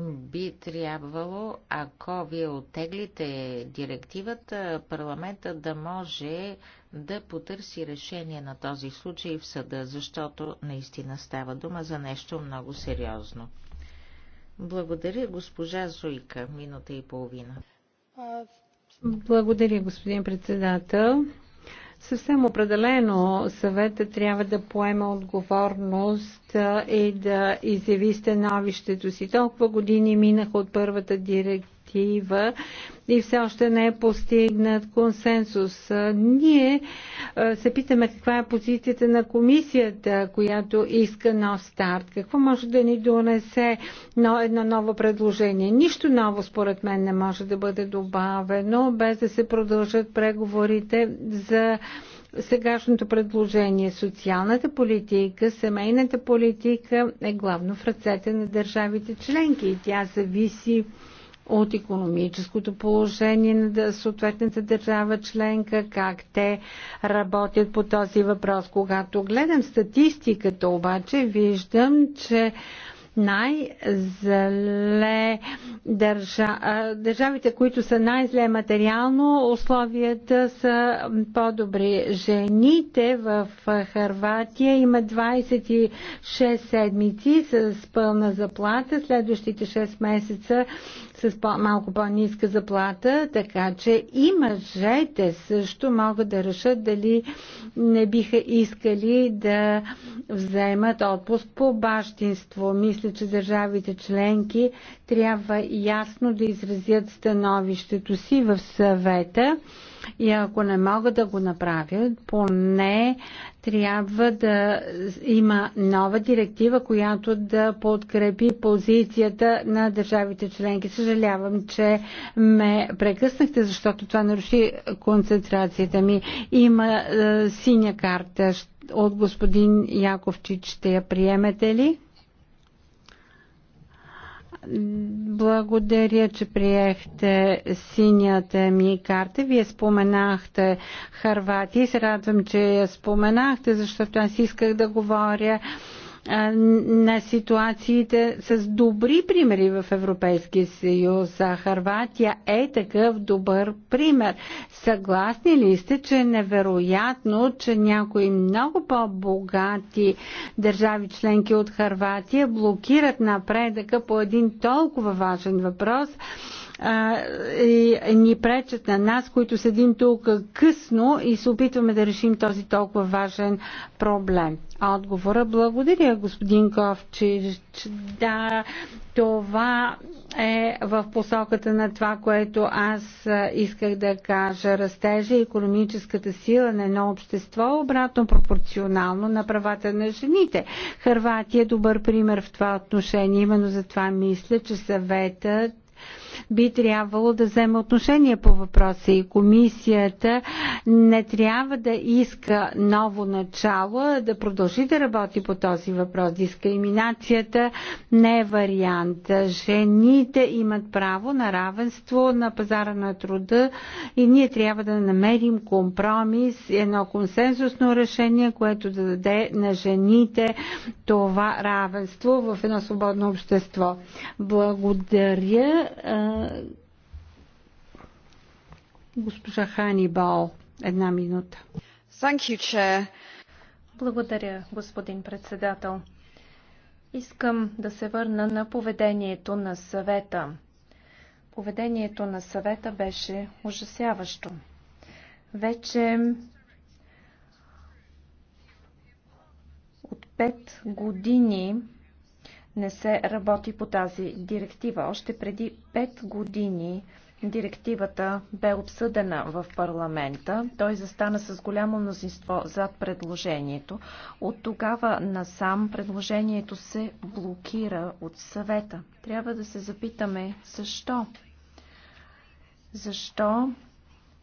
би трябвало, ако вие отеглите директивата, парламента да може да потърси решение на този случай в съда, защото наистина става дума за нещо много сериозно. Благодаря, госпожа Зуйка. Минута и половина. Благодаря, господин председател. Съвсем определено съвета трябва да поема отговорност и да изяви становището си. Толкова години минаха от първата директива директива и все още не е постигнат консенсус. Ние се питаме каква е позицията на комисията, която иска нов старт. Какво може да ни донесе но едно ново предложение? Нищо ново според мен не може да бъде добавено, без да се продължат преговорите за сегашното предложение. Социалната политика, семейната политика е главно в ръцете на държавите членки и тя зависи от економическото положение на съответната държава членка, как те работят по този въпрос. Когато гледам статистиката обаче, виждам, че най-зле държа, държавите, които са най-зле материално, условията са по-добри. Жените в Харватия има 26 седмици с пълна заплата, следващите 6 месеца с по- малко по-ниска заплата, така че и мъжете също могат да решат дали не биха искали да вземат отпуск по бащинство. Мисля, че държавите членки трябва ясно да изразят становището си в съвета и ако не могат да го направят, поне трябва да има нова директива, която да подкрепи позицията на държавите членки. Съжалявам, че ме прекъснахте, защото това наруши концентрацията ми. Има е, синя карта от господин Яковчич. Ще я приемете ли? Благодаря, че приехте синята ми карта. Вие споменахте Харватия и се радвам, че я споменахте, защото аз исках да говоря на ситуациите с добри примери в Европейския съюз. Харватия е такъв добър пример. Съгласни ли сте, че е невероятно, че някои много по-богати държави членки от Харватия блокират напредъка по един толкова важен въпрос – а, и, е, ни пречат на нас, които седим тук късно и се опитваме да решим този толкова важен проблем. Отговора благодаря, господин Ковчич. Да, това е в посоката на това, което аз исках да кажа. Растежа и економическата сила на едно общество е обратно пропорционално на правата на жените. Харватия е добър пример в това отношение. Именно за това мисля, че съветът би трябвало да вземе отношение по въпроса и комисията не трябва да иска ново начало, да продължи да работи по този въпрос. Дискриминацията не е вариант. Жените имат право на равенство на пазара на труда и ние трябва да намерим компромис, едно консенсусно решение, което да даде на жените това равенство в едно свободно общество. Благодаря. Госпожа Хани Бао, една минута. You, Благодаря, господин председател. Искам да се върна на поведението на съвета. Поведението на съвета беше ужасяващо. Вече от пет години не се работи по тази директива. Още преди 5 години директивата бе обсъдена в парламента. Той застана с голямо мнозинство зад предложението. От тогава насам предложението се блокира от съвета. Трябва да се запитаме защо. Защо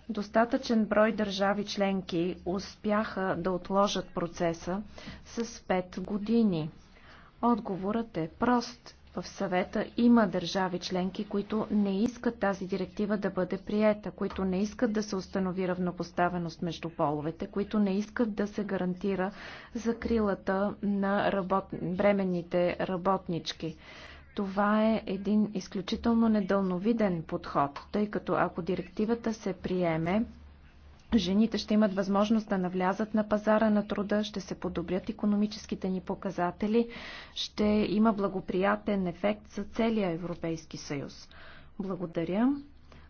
достатъчен брой държави членки успяха да отложат процеса с 5 години? Отговорът е прост. В съвета има държави членки, които не искат тази директива да бъде приета, които не искат да се установи равнопоставеност между половете, които не искат да се гарантира закрилата на работ... бременните работнички. Това е един изключително недълновиден подход, тъй като ако директивата се приеме, жените ще имат възможност да навлязат на пазара на труда, ще се подобрят економическите ни показатели, ще има благоприятен ефект за целия Европейски съюз. Благодаря.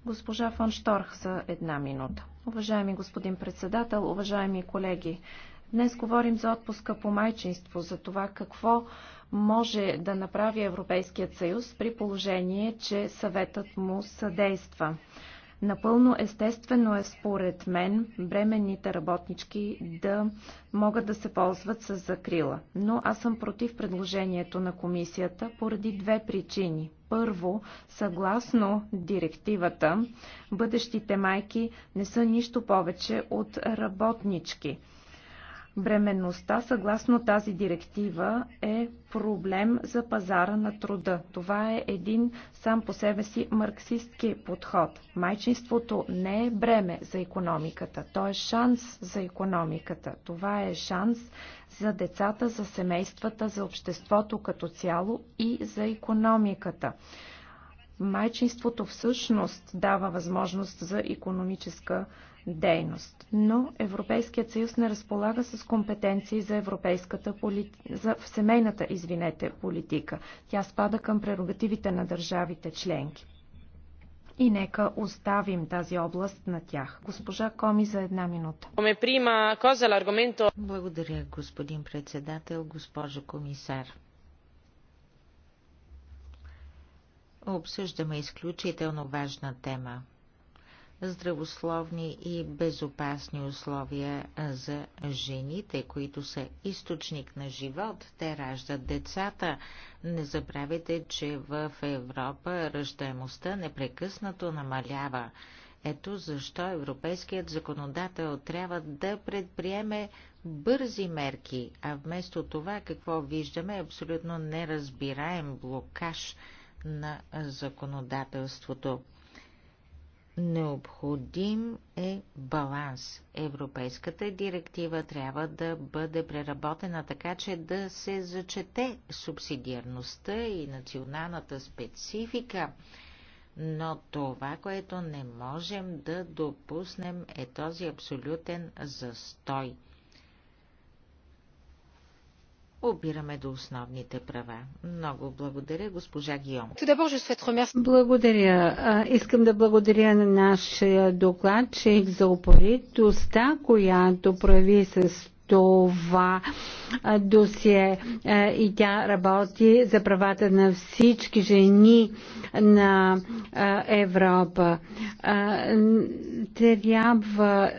Госпожа Фон Шторх за една минута. Уважаеми господин председател, уважаеми колеги, днес говорим за отпуска по майчинство, за това какво може да направи Европейският съюз при положение, че съветът му съдейства. Напълно естествено е според мен бременните работнички да могат да се ползват с закрила. Но аз съм против предложението на комисията поради две причини. Първо, съгласно директивата, бъдещите майки не са нищо повече от работнички – Бременността, съгласно тази директива, е проблем за пазара на труда. Това е един сам по себе си марксистски подход. Майчинството не е бреме за економиката, то е шанс за економиката. Това е шанс за децата, за семействата, за обществото като цяло и за економиката. Майчинството всъщност дава възможност за економическа дейност. Но Европейският съюз не разполага с компетенции за, европейската поли... за семейната извинете, политика. Тя спада към прерогативите на държавите членки. И нека оставим тази област на тях. Госпожа Коми за една минута. Благодаря, господин председател, госпожа комисар. Обсъждаме изключително важна тема здравословни и безопасни условия за жените, които са източник на живот. Те раждат децата. Не забравяйте, че в Европа ръждаемостта непрекъснато намалява. Ето защо европейският законодател трябва да предприеме бързи мерки, а вместо това какво виждаме е абсолютно неразбираем блокаж на законодателството. Необходим е баланс. Европейската директива трябва да бъде преработена така, че да се зачете субсидиарността и националната специфика. Но това, което не можем да допуснем е този абсолютен застой – обираме до основните права. Много благодаря, госпожа Гиом. Благодаря. Искам да благодаря на нашия докладчик за упоритостта, която прави с това досие и тя работи за правата на всички жени на Европа. Трябва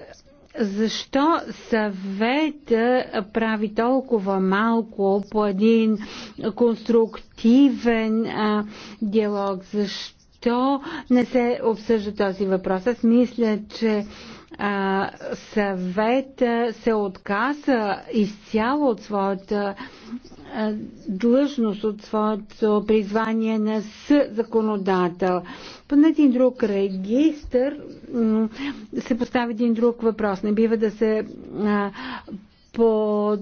защо съвета прави толкова малко по един конструктивен а, диалог? Защо не се обсъжда този въпрос? Аз мисля, че а, съвет се отказа изцяло от своята а, длъжност, от своето призвание на законодател. По един друг регистр се постави един друг въпрос. Не бива да се а, под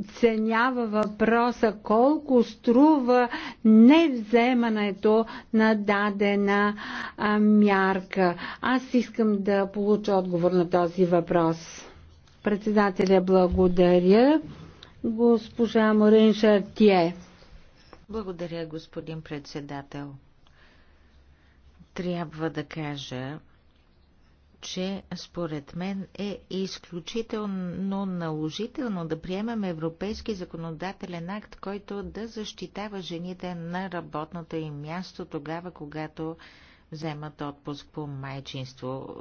оценява въпроса колко струва невземането на дадена а, мярка. Аз искам да получа отговор на този въпрос. Председателя благодаря. Госпожа Морин Шартие. Благодаря, господин председател. Трябва да кажа, че според мен е изключително наложително да приемем европейски законодателен акт, който да защитава жените на работното им място тогава, когато вземат отпуск по майчинство.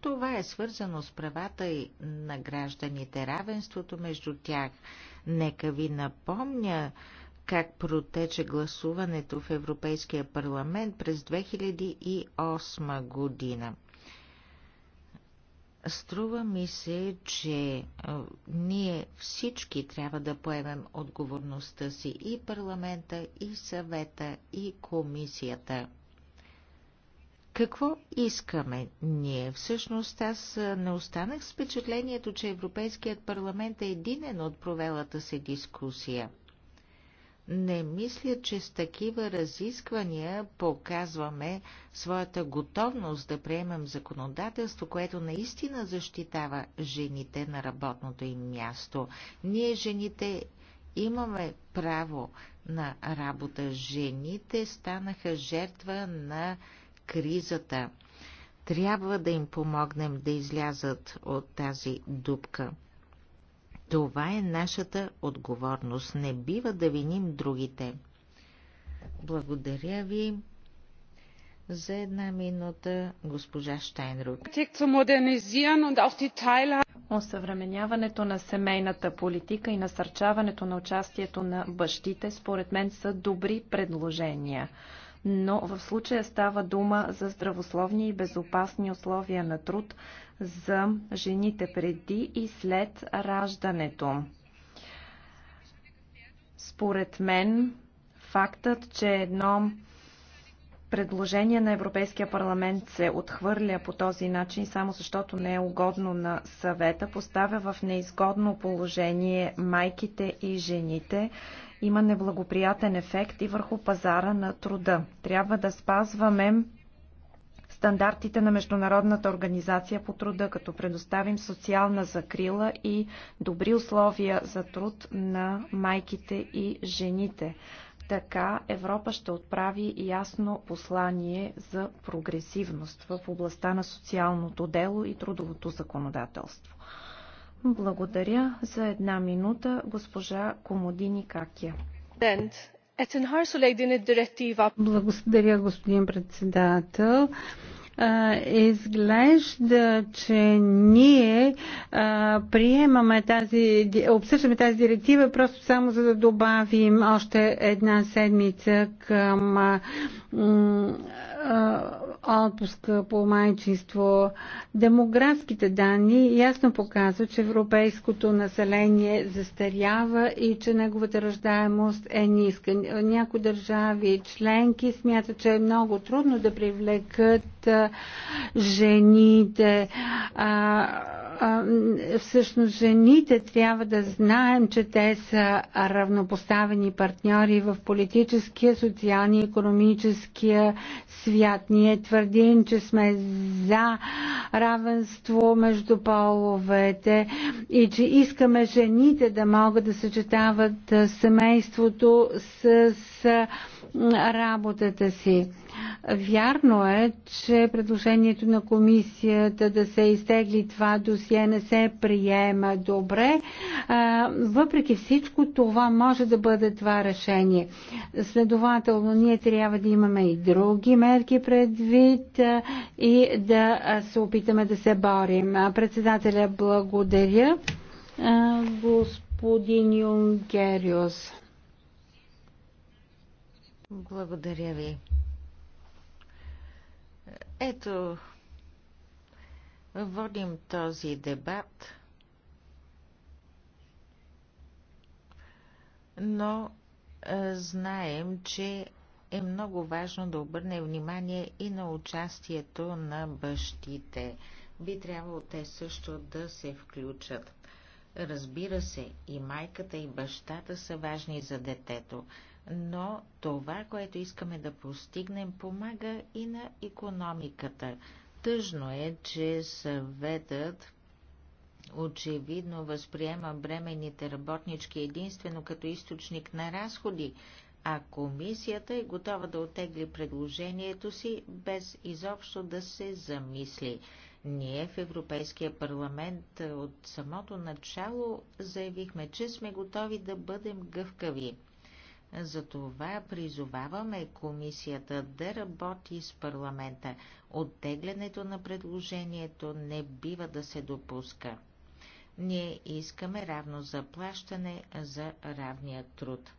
Това е свързано с правата и на гражданите, равенството между тях. Нека ви напомня, как протече гласуването в Европейския парламент през 2008 година. Струва ми се, че ние всички трябва да поемем отговорността си и парламента, и съвета, и комисията. Какво искаме ние? Всъщност аз не останах с впечатлението, че Европейският парламент е единен от провелата се дискусия – не мисля, че с такива разисквания показваме своята готовност да приемем законодателство, което наистина защитава жените на работното им място. Ние, жените, имаме право на работа. Жените станаха жертва на кризата. Трябва да им помогнем да излязат от тази дупка. Това е нашата отговорност. Не бива да виним другите. Благодаря ви. За една минута госпожа Штайнрук. Осъвременяването на семейната политика и насърчаването на участието на бащите, според мен, са добри предложения но в случая става дума за здравословни и безопасни условия на труд за жените преди и след раждането. Според мен, фактът, че едно предложение на Европейския парламент се отхвърля по този начин, само защото не е угодно на съвета, поставя в неизгодно положение майките и жените, има неблагоприятен ефект и върху пазара на труда. Трябва да спазваме стандартите на Международната организация по труда, като предоставим социална закрила и добри условия за труд на майките и жените. Така Европа ще отправи ясно послание за прогресивност в областта на социалното дело и трудовото законодателство. Благодаря за една минута госпожа Комодини Какия. Благодаря, господин председател изглежда, че ние приемаме тази, обсъждаме тази директива просто само за да добавим още една седмица към отпуска по майчинство. Демографските данни ясно показват, че европейското население застарява и че неговата ръждаемост е ниска. Някои държави членки смятат, че е много трудно да привлекат а, жените. А, а, всъщност жените трябва да знаем, че те са равнопоставени партньори в политическия, социалния, економическия свят. Ние твърдим, че сме за равенство между половете и че искаме жените да могат да съчетават семейството с, с работата си. Вярно е, че предложението на комисията да се изтегли това досие не се приема добре. Въпреки всичко, това може да бъде това решение. Следователно, ние трябва да имаме и други мерки предвид и да се опитаме да се борим. Председателя, благодаря. Господин Юнгериус. Благодаря ви. Ето, водим този дебат, но е, знаем, че е много важно да обърне внимание и на участието на бащите. Би трябвало те също да се включат. Разбира се, и майката, и бащата са важни за детето но това, което искаме да постигнем, помага и на економиката. Тъжно е, че съветът очевидно възприема бременните работнички единствено като източник на разходи, а комисията е готова да отегли предложението си, без изобщо да се замисли. Ние в Европейския парламент от самото начало заявихме, че сме готови да бъдем гъвкави. Затова призоваваме комисията да работи с парламента. Оттеглянето на предложението не бива да се допуска. Ние искаме равно заплащане за равния труд.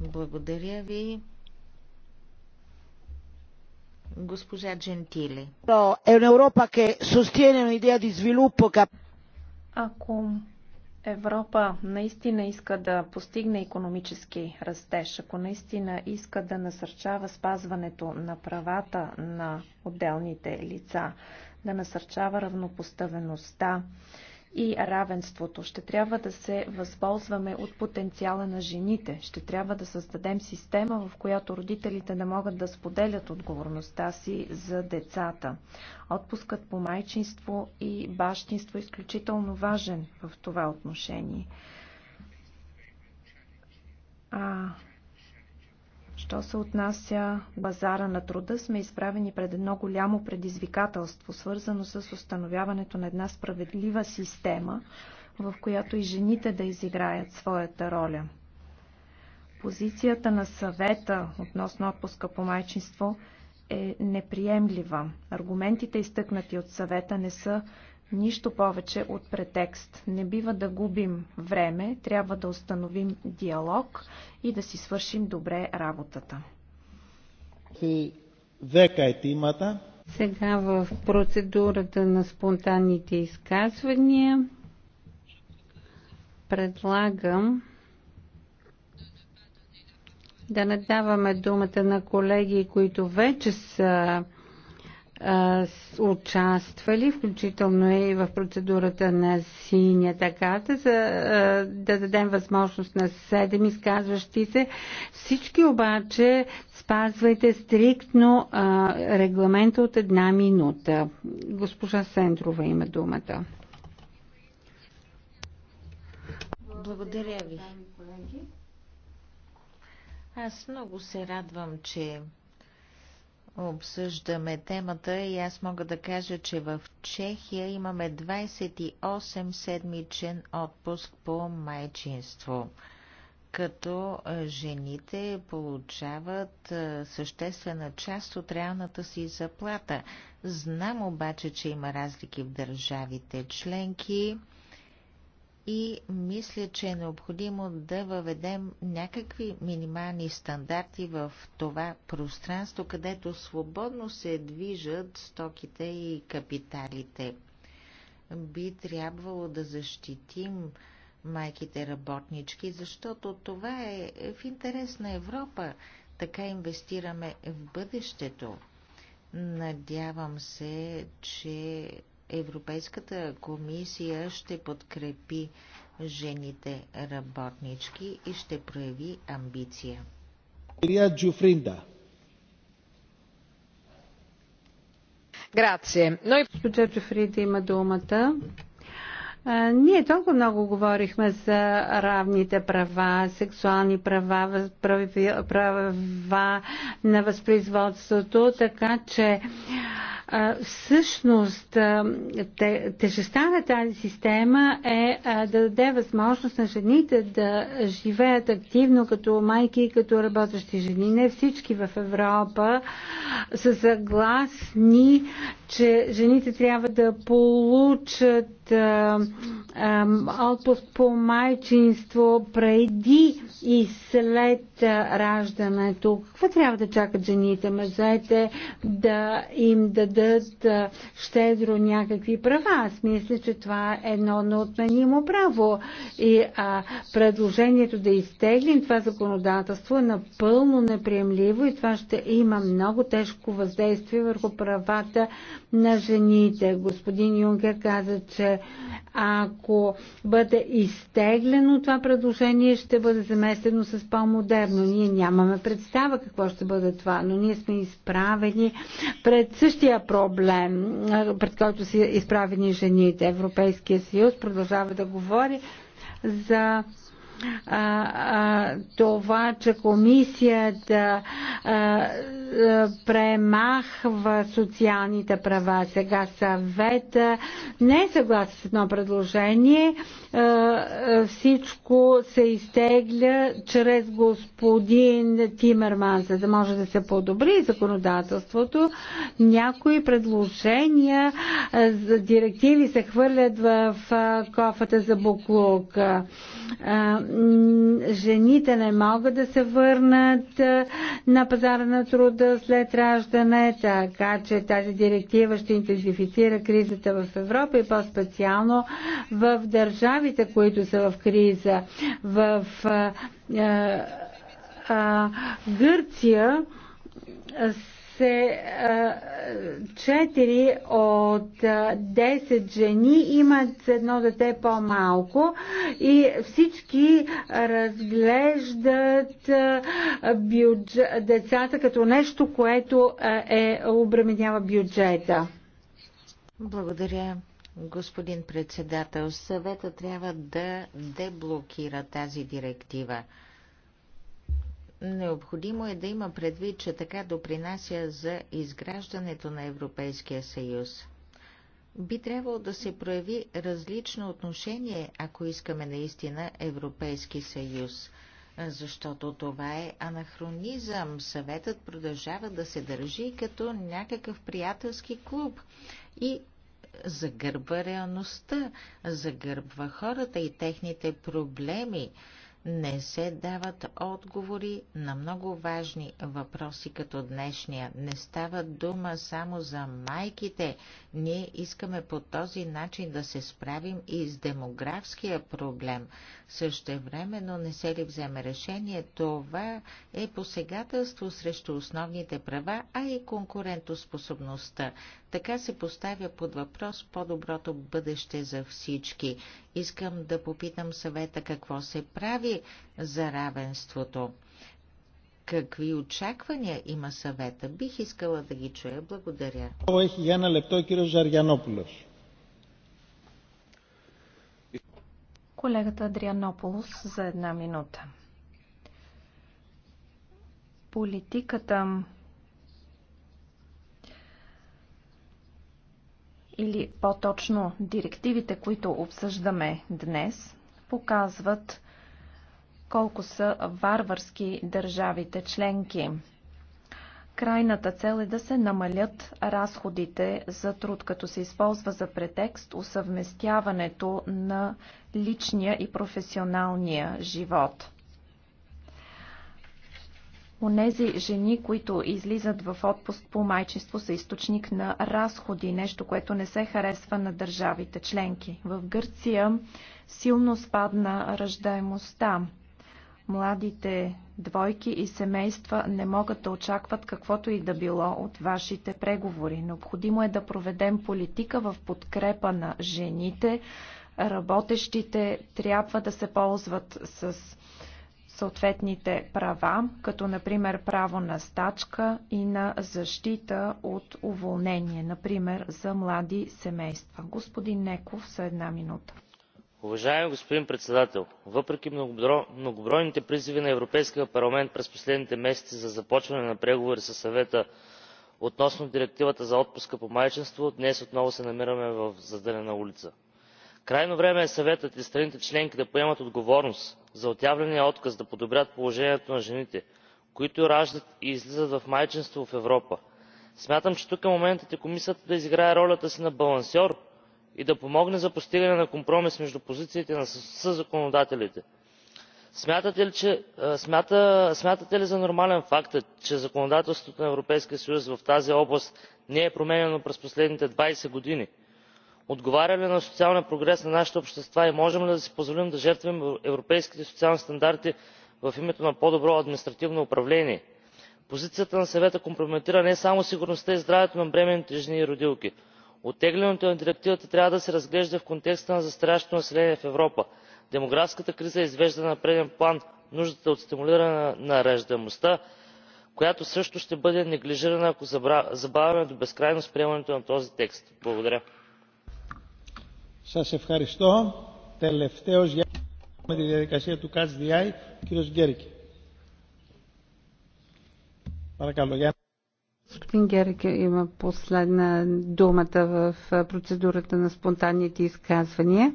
Благодаря ви. Госпожа Джентили. Ако Европа наистина иска да постигне економически растеж, ако наистина иска да насърчава спазването на правата на отделните лица, да насърчава равнопоставеността, и равенството. Ще трябва да се възползваме от потенциала на жените. Ще трябва да създадем система, в която родителите да могат да споделят отговорността си за децата. Отпускът по майчинство и бащинство е изключително важен в това отношение. А, Що се отнася базара на труда, сме изправени пред едно голямо предизвикателство, свързано с установяването на една справедлива система, в която и жените да изиграят своята роля. Позицията на съвета относно отпуска по майчинство е неприемлива. Аргументите, изтъкнати от съвета, не са Нищо повече от претекст. Не бива да губим време, трябва да установим диалог и да си свършим добре работата. Е Сега в процедурата на спонтанните изказвания предлагам да не даваме думата на колеги, които вече са участвали, включително и в процедурата на синята карта, за да дадем възможност на седем изказващи се. Всички обаче спазвайте стриктно регламента от една минута. Госпожа Сендрова има думата. Благодаря ви. Аз много се радвам, че обсъждаме темата и аз мога да кажа, че в Чехия имаме 28 седмичен отпуск по майчинство, като жените получават съществена част от реалната си заплата. Знам обаче, че има разлики в държавите членки и мисля, че е необходимо да въведем някакви минимални стандарти в това пространство, където свободно се движат стоките и капиталите. Би трябвало да защитим майките работнички, защото това е в интерес на Европа. Така инвестираме в бъдещето. Надявам се, че Европейската комисия ще подкрепи жените работнички и ще прояви амбиция. Кирия Джуфринда. Грация. Но и... Госпожа Джуфринда има думата. Ние толкова много говорихме за равните права, сексуални права, права на възпроизводството, така че Всъщност, тежестта на тази система е да даде възможност на жените да живеят активно като майки и като работещи жени. Не всички в Европа са съгласни, че жените трябва да получат отпуск по майчинство преди и след раждането. Какво трябва да чакат жените? Мъжете да им дадат бъдат щедро някакви права. Аз мисля, че това е едно неотменимо право. И а, предложението да изтеглим това законодателство е напълно неприемливо и това ще има много тежко въздействие върху правата на жените. Господин Юнкер каза, че ако бъде изтеглено това предложение, ще бъде заместено с по-модерно. Ние нямаме представа какво ще бъде това, но ние сме изправени пред същия проблем, пред който са изправени жените. Европейския съюз продължава да говори за а, а, това, че комисията а, а, премахва социалните права. Сега съвета не е съгласен с едно предложение. А, а, всичко се изтегля чрез господин Тимерман, за да може да се подобри законодателството. Някои предложения а, за директиви се хвърлят в а, кофата за буклук. А, жените не могат да се върнат на пазара на труда след раждане, така че тази директива ще интензифицира кризата в Европа и по-специално в държавите, които са в криза. В а, а, Гърция се четири от десет жени имат едно дете по-малко и всички разглеждат бюджет, децата като нещо, което е, обременява бюджета. Благодаря. Господин председател, съвета трябва да деблокира тази директива. Необходимо е да има предвид, че така допринася за изграждането на Европейския съюз. Би трябвало да се прояви различно отношение, ако искаме наистина Европейски съюз, защото това е анахронизъм. Съветът продължава да се държи като някакъв приятелски клуб и загърбва реалността, загърбва хората и техните проблеми не се дават отговори на много важни въпроси като днешния. Не става дума само за майките. Ние искаме по този начин да се справим и с демографския проблем. Същевременно не се ли вземе решение, това е посегателство срещу основните права, а и конкурентоспособността. Така се поставя под въпрос по-доброто бъдеще за всички. Искам да попитам съвета какво се прави за равенството. Какви очаквания има съвета? Бих искала да ги чуя. Благодаря. Για ένα λεπτό, кирил Жарьянополос. Колегата Адрианополос за една минута. Политиката или по-точно директивите, които обсъждаме днес, показват колко са варварски държавите членки. Крайната цел е да се намалят разходите за труд, като се използва за претекст усъвместяването на личния и професионалния живот. Онези жени, които излизат в отпуск по майчество, са източник на разходи, нещо, което не се харесва на държавите членки. В Гърция силно спадна ръждаемостта. Младите двойки и семейства не могат да очакват каквото и да било от вашите преговори. Необходимо е да проведем политика в подкрепа на жените. Работещите трябва да се ползват с съответните права, като например право на стачка и на защита от уволнение, например за млади семейства. Господин Неков, за една минута. Уважаеми господин председател, въпреки многобройните призиви на Европейския парламент през последните месеци за започване на преговори със съвета относно директивата за отпуска по майчинство, днес отново се намираме в задънена улица крайно време е съветът и страните членки да поемат отговорност за отявления отказ да подобрят положението на жените които раждат и излизат в майчинство в европа. смятам че тук е моментът комисията да изиграе ролята си на балансьор и да помогне за постигане на компромис между позициите на съзаконодателите. смятате ли за нормален факта че законодателството на европейския съюз в тази област не е променяно през последните двадесет години отговаря ли на социалния прогрес на нашите общества и можем ли да си позволим да жертваме европейските социални стандарти в името на по добро административно управление? позицията на съвета компрометира не само сигурността и здравето на бременните жени и родилки. оттеглянето на директивата трябва да се разглежда в контекста на застаряващото население в европа. демографската криза извежда на преден план нуждата от стимулиране на раждаемостта която също ще бъде неглижирана ако забавяме до безкрайност приемането на този текст. благодаря. Σας ευχαριστώ. Τελευταίος για με τη διαδικασία του Catch ο κύριος Γκέρικη. Παρακαλώ, για Господин Герке има последна думата в процедурата на спонтанните изказвания.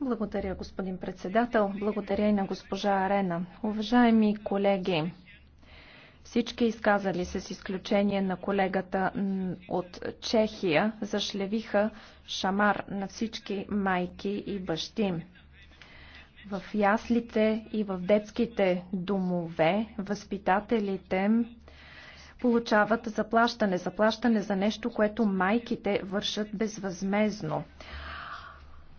Благодаря, господин председател. Благодаря и на госпожа Арена. Уважаеми колеги, всички изказали се с изключение на колегата от Чехия зашлевиха шамар на всички майки и бащи. В яслите и в детските домове възпитателите получават заплащане. Заплащане за нещо, което майките вършат безвъзмезно.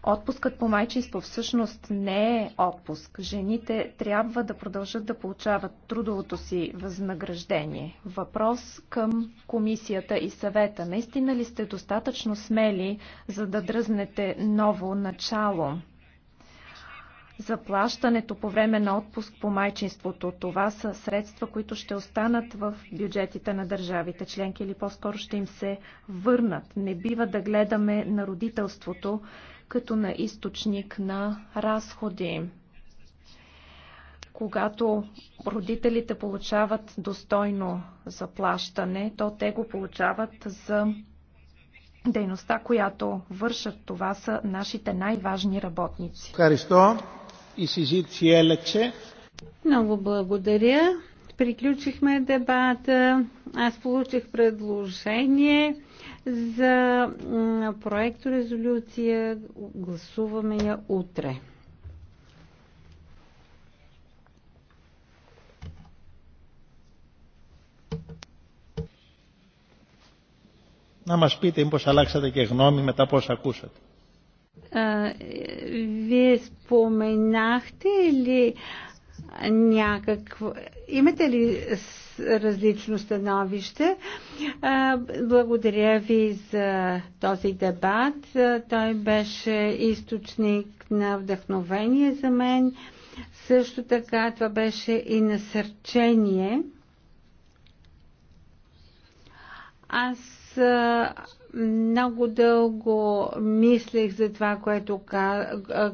Отпускът по майчинство всъщност не е отпуск. Жените трябва да продължат да получават трудовото си възнаграждение. Въпрос към комисията и съвета. Наистина ли сте достатъчно смели, за да дръзнете ново начало? Заплащането по време на отпуск по майчинството, това са средства, които ще останат в бюджетите на държавите членки или по-скоро ще им се върнат. Не бива да гледаме на родителството като на източник на разходи. Когато родителите получават достойно заплащане, то те го получават за дейността, която вършат. Това са нашите най-важни работници. Харисто, и си Много благодаря. Приключихме дебата. Аз получих предложение за проекто резолюция. Гласуваме я утре. Να μας πείτε μήπως αλλάξατε και γνώμη μετά πώς ακούσατε. Вие споменахте ли някакво... Имате ли различно становище. Благодаря ви за този дебат. Той беше източник на вдъхновение за мен. Също така това беше и насърчение. Аз много дълго мислех за това, което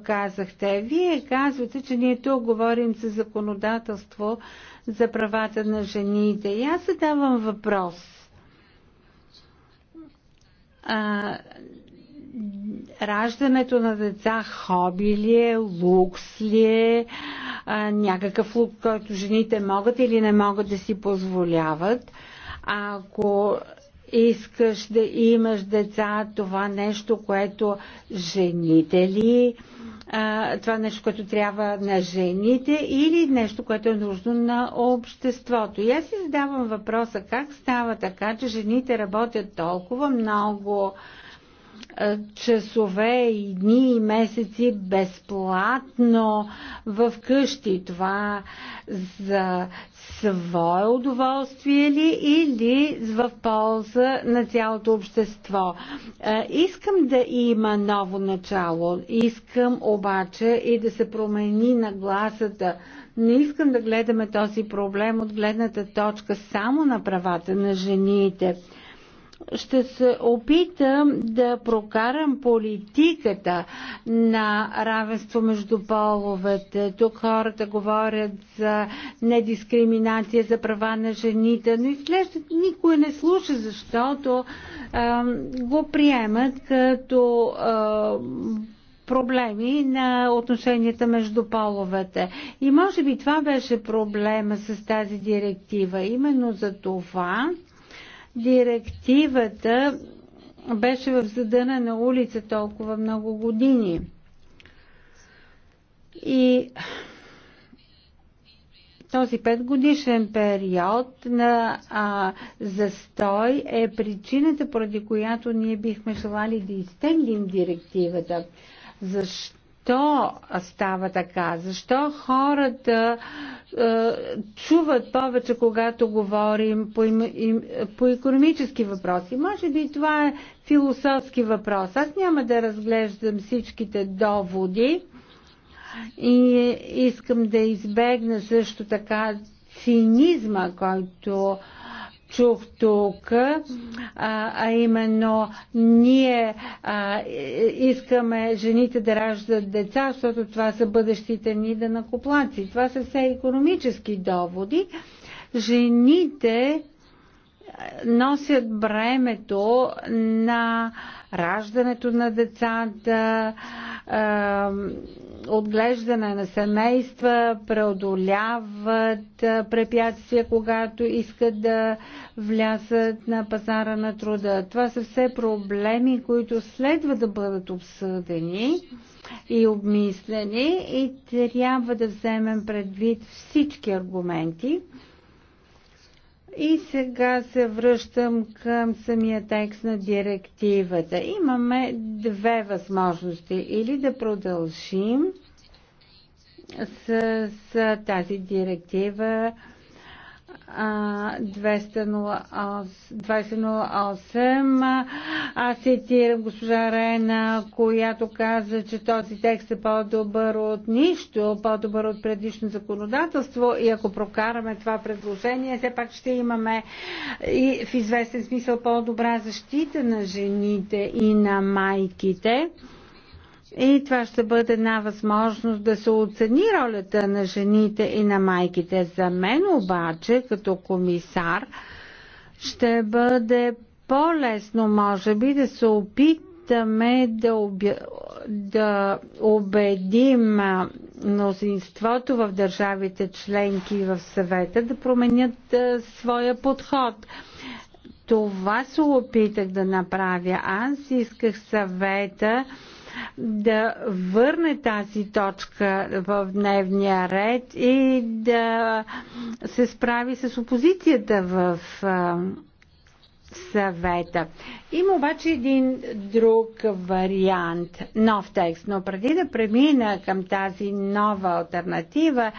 казахте. Вие казвате, че ние тук говорим за законодателство за правата на жените. И аз задавам въпрос. А, раждането на деца хоби ли е, лукс ли е, а, някакъв лук, който жените могат или не могат да си позволяват. А ако искаш да имаш деца, това нещо, което жените ли, това нещо, което трябва на жените или нещо, което е нужно на обществото. И аз си задавам въпроса, как става така, че жените работят толкова много часове и дни и месеци безплатно в къщи. Това за свое удоволствие ли или в полза на цялото общество. Е, искам да има ново начало, искам обаче и да се промени нагласата. Не искам да гледаме този проблем от гледната точка само на правата на жените ще се опитам да прокарам политиката на равенство между половете. Тук хората говорят за недискриминация, за права на жените, но изглежда никой не слуша, защото а, го приемат като а, проблеми на отношенията между половете. И може би това беше проблема с тази директива. Именно за това Директивата беше в задъна на улица толкова много години. И този петгодишен период на а, застой е причината, поради която ние бихме желали да изтеглим директивата. Защо? защо става така? Защо хората е, чуват повече, когато говорим по, им, им, по економически въпроси? Може би това е философски въпрос. Аз няма да разглеждам всичките доводи и искам да избегна също така цинизма, който е, чух тук, а, а именно ние а, искаме жените да раждат деца, защото това са бъдещите ни да накоплаци. Това са все економически доводи. Жените носят бремето на раждането на децата, отглеждане на семейства, преодоляват препятствия, когато искат да влязат на пазара на труда. Това са все проблеми, които следва да бъдат обсъдени и обмислени и трябва да вземем предвид всички аргументи. И сега се връщам към самия текст на директивата. Имаме две възможности. Или да продължим с, тази директива 208. Аз цитирам госпожа Рена, която каза, че този текст е по-добър от нищо, по-добър от предишно законодателство и ако прокараме това предложение, все пак ще имаме и в известен смисъл по-добра защита на жените и на майките. И това ще бъде една възможност да се оцени ролята на жените и на майките. За мен обаче, като комисар, ще бъде по-лесно, може би, да се опитаме да, обя... да убедим мнозинството в държавите членки и в съвета да променят а, своя подход. Това се опитах да направя. Аз исках съвета да върне тази точка в дневния ред и да се справи с опозицията в съвета. Има обаче един друг вариант, нов текст, но преди да премина към тази нова альтернатива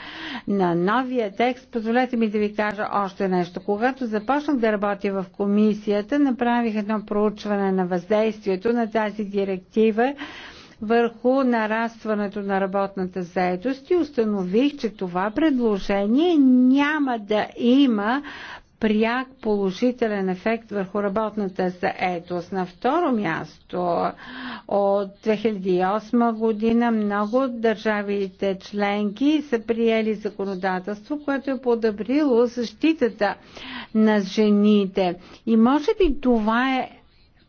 на новия текст, позволете ми да ви кажа още нещо. Когато започнах да работя в комисията, направих едно проучване на въздействието на тази директива върху нарастването на работната заедост и установих, че това предложение няма да има пряк положителен ефект върху работната заедост. На второ място от 2008 година много от държавите членки са приели законодателство, което е подобрило защитата на жените. И може би това е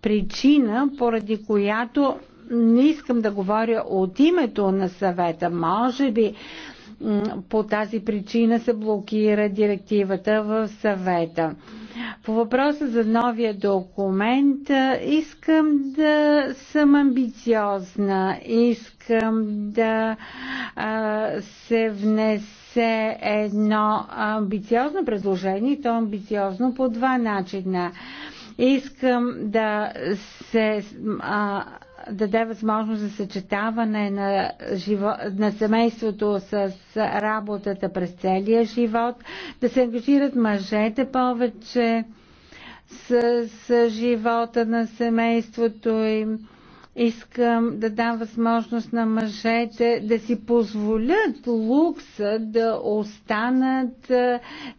причина, поради която не искам да говоря от името на съвета. Може би по тази причина се блокира директивата в съвета. По въпроса за новия документ искам да съм амбициозна, искам да а, се внесе едно амбициозно предложение, то амбициозно по два начина. Искам да се а, даде възможност за съчетаване на, живо, на семейството с работата през целия живот, да се ангажират мъжете повече с, с живота на семейството им. Искам да дам възможност на мъжете да си позволят лукса да останат,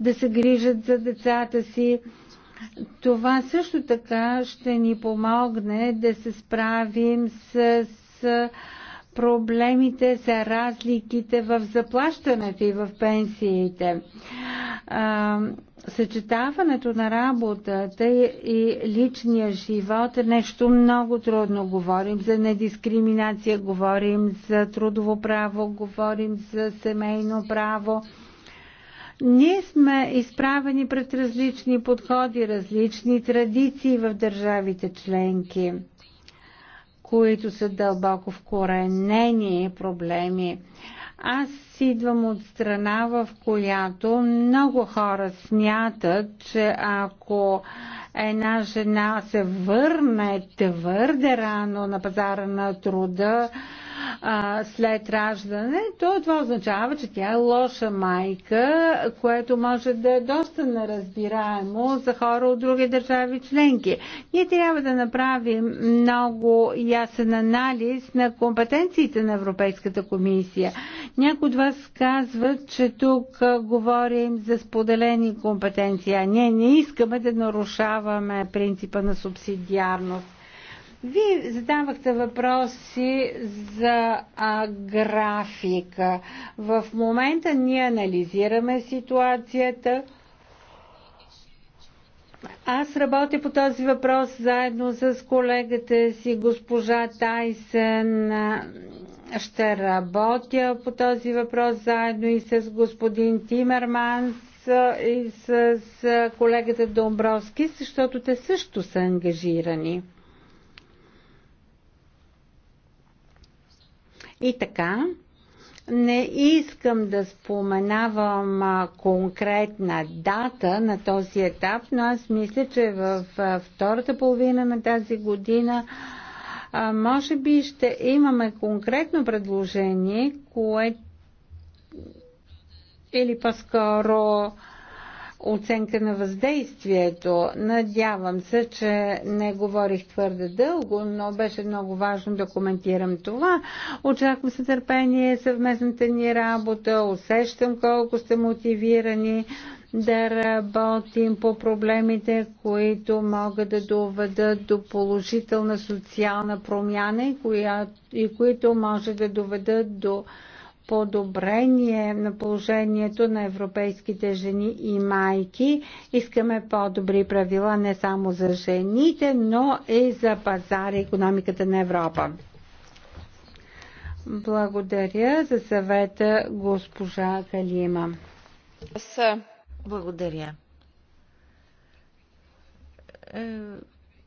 да се грижат за децата си това също така ще ни помогне да се справим с, с проблемите за разликите в заплащането и в пенсиите. А, съчетаването на работата и личния живот е нещо много трудно. Говорим за недискриминация, говорим за трудово право, говорим за семейно право. Ние сме изправени пред различни подходи, различни традиции в държавите членки, които са дълбоко вкоренени проблеми. Аз идвам от страна, в която много хора смятат, че ако една жена се върне твърде рано на пазара на труда, а, след раждането, това означава, че тя е лоша майка, което може да е доста неразбираемо за хора от други държави членки. Ние трябва да направим много ясен анализ на компетенциите на Европейската комисия. Някои от вас казват, че тук говорим за споделени компетенции, а ние не искаме да нарушаваме принципа на субсидиарност. Вие задавахте въпроси за а, графика. В момента ние анализираме ситуацията. Аз работя по този въпрос заедно с колегата си, госпожа Тайсен. Ще работя по този въпрос заедно и с господин Тимерманс и с колегата Домбровски, защото те също са ангажирани. И така, не искам да споменавам конкретна дата на този етап, но аз мисля, че в втората половина на тази година може би ще имаме конкретно предложение, което или по-скоро оценка на въздействието. Надявам се, че не говорих твърде дълго, но беше много важно да коментирам това. Очаквам с търпение съвместната ни работа, усещам колко сте мотивирани да работим по проблемите, които могат да доведат до положителна социална промяна и, коя, и които може да доведат до подобрение на положението на европейските жени и майки. Искаме по-добри правила не само за жените, но и за пазара и економиката на Европа. Благодаря за съвета госпожа Калима. Благодаря. Е,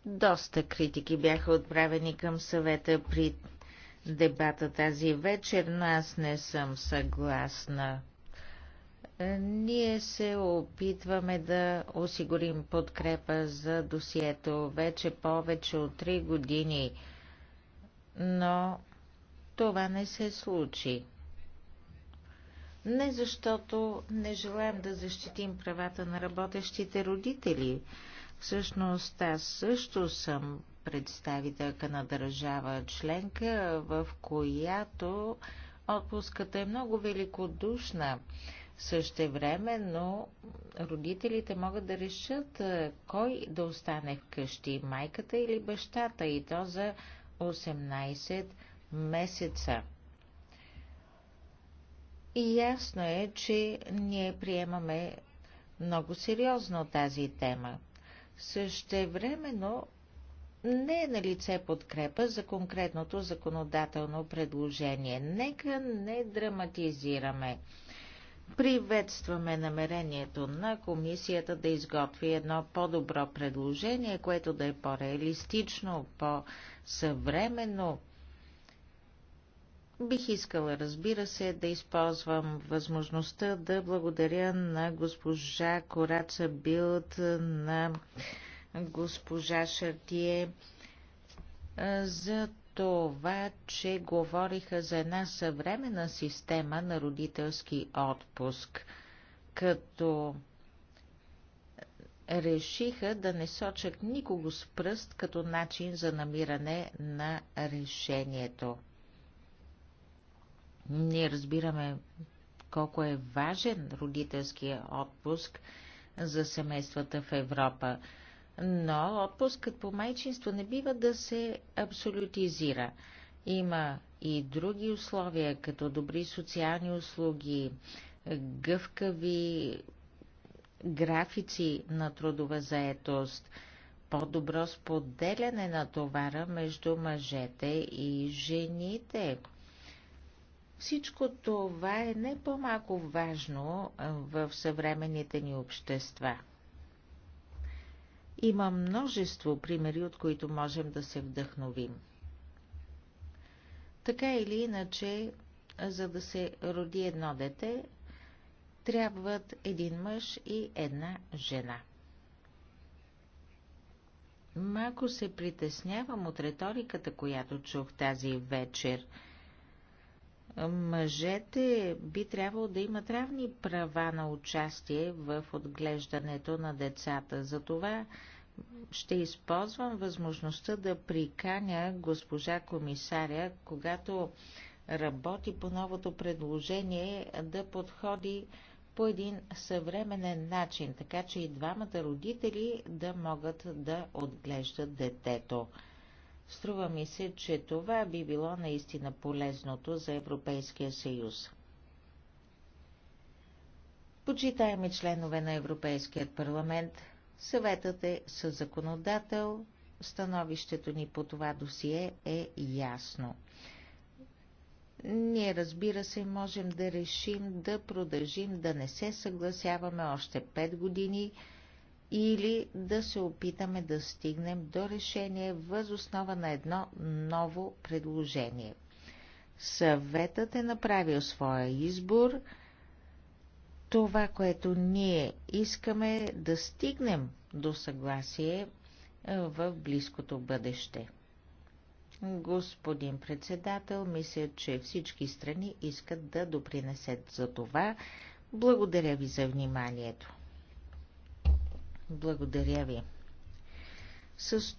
доста критики бяха отправени към съвета при дебата тази вечер, но аз не съм съгласна. Е, ние се опитваме да осигурим подкрепа за досието вече повече от 3 години, но това не се случи. Не защото не желаем да защитим правата на работещите родители. Всъщност аз също съм представителка на държава членка, в която отпуската е много великодушна. но родителите могат да решат е, кой да остане вкъщи, майката или бащата, и то за 18 месеца. И ясно е, че ние приемаме много сериозно тази тема. също времено, не е на лице подкрепа за конкретното законодателно предложение. Нека не драматизираме. Приветстваме намерението на комисията да изготви едно по-добро предложение, което да е по-реалистично, по-съвременно. Бих искала, разбира се, да използвам възможността да благодаря на госпожа Кораца Билт, на госпожа Шартие за това, че говориха за една съвременна система на родителски отпуск, като решиха да не сочат никого с пръст като начин за намиране на решението. Ние разбираме колко е важен родителския отпуск за семействата в Европа но отпускът по майчинство не бива да се абсолютизира. Има и други условия, като добри социални услуги, гъвкави графици на трудова заетост, по-добро споделяне на товара между мъжете и жените. Всичко това е не по-малко важно в съвременните ни общества. Има множество примери, от които можем да се вдъхновим. Така или иначе, за да се роди едно дете, трябват един мъж и една жена. Малко се притеснявам от риториката, която чух тази вечер – мъжете би трябвало да имат равни права на участие в отглеждането на децата. Затова ще използвам възможността да приканя госпожа комисаря, когато работи по новото предложение, да подходи по един съвременен начин, така че и двамата родители да могат да отглеждат детето. Струва ми се, че това би било наистина полезното за Европейския съюз. Почитаеми членове на Европейският парламент, съветът е със законодател, становището ни по това досие е ясно. Ние, разбира се, можем да решим да продължим да не се съгласяваме още 5 години – или да се опитаме да стигнем до решение въз основа на едно ново предложение. Съветът е направил своя избор. Това, което ние искаме е да стигнем до съгласие е, в близкото бъдеще. Господин председател, мисля, че всички страни искат да допринесат за това. Благодаря ви за вниманието. Благодаря ви. С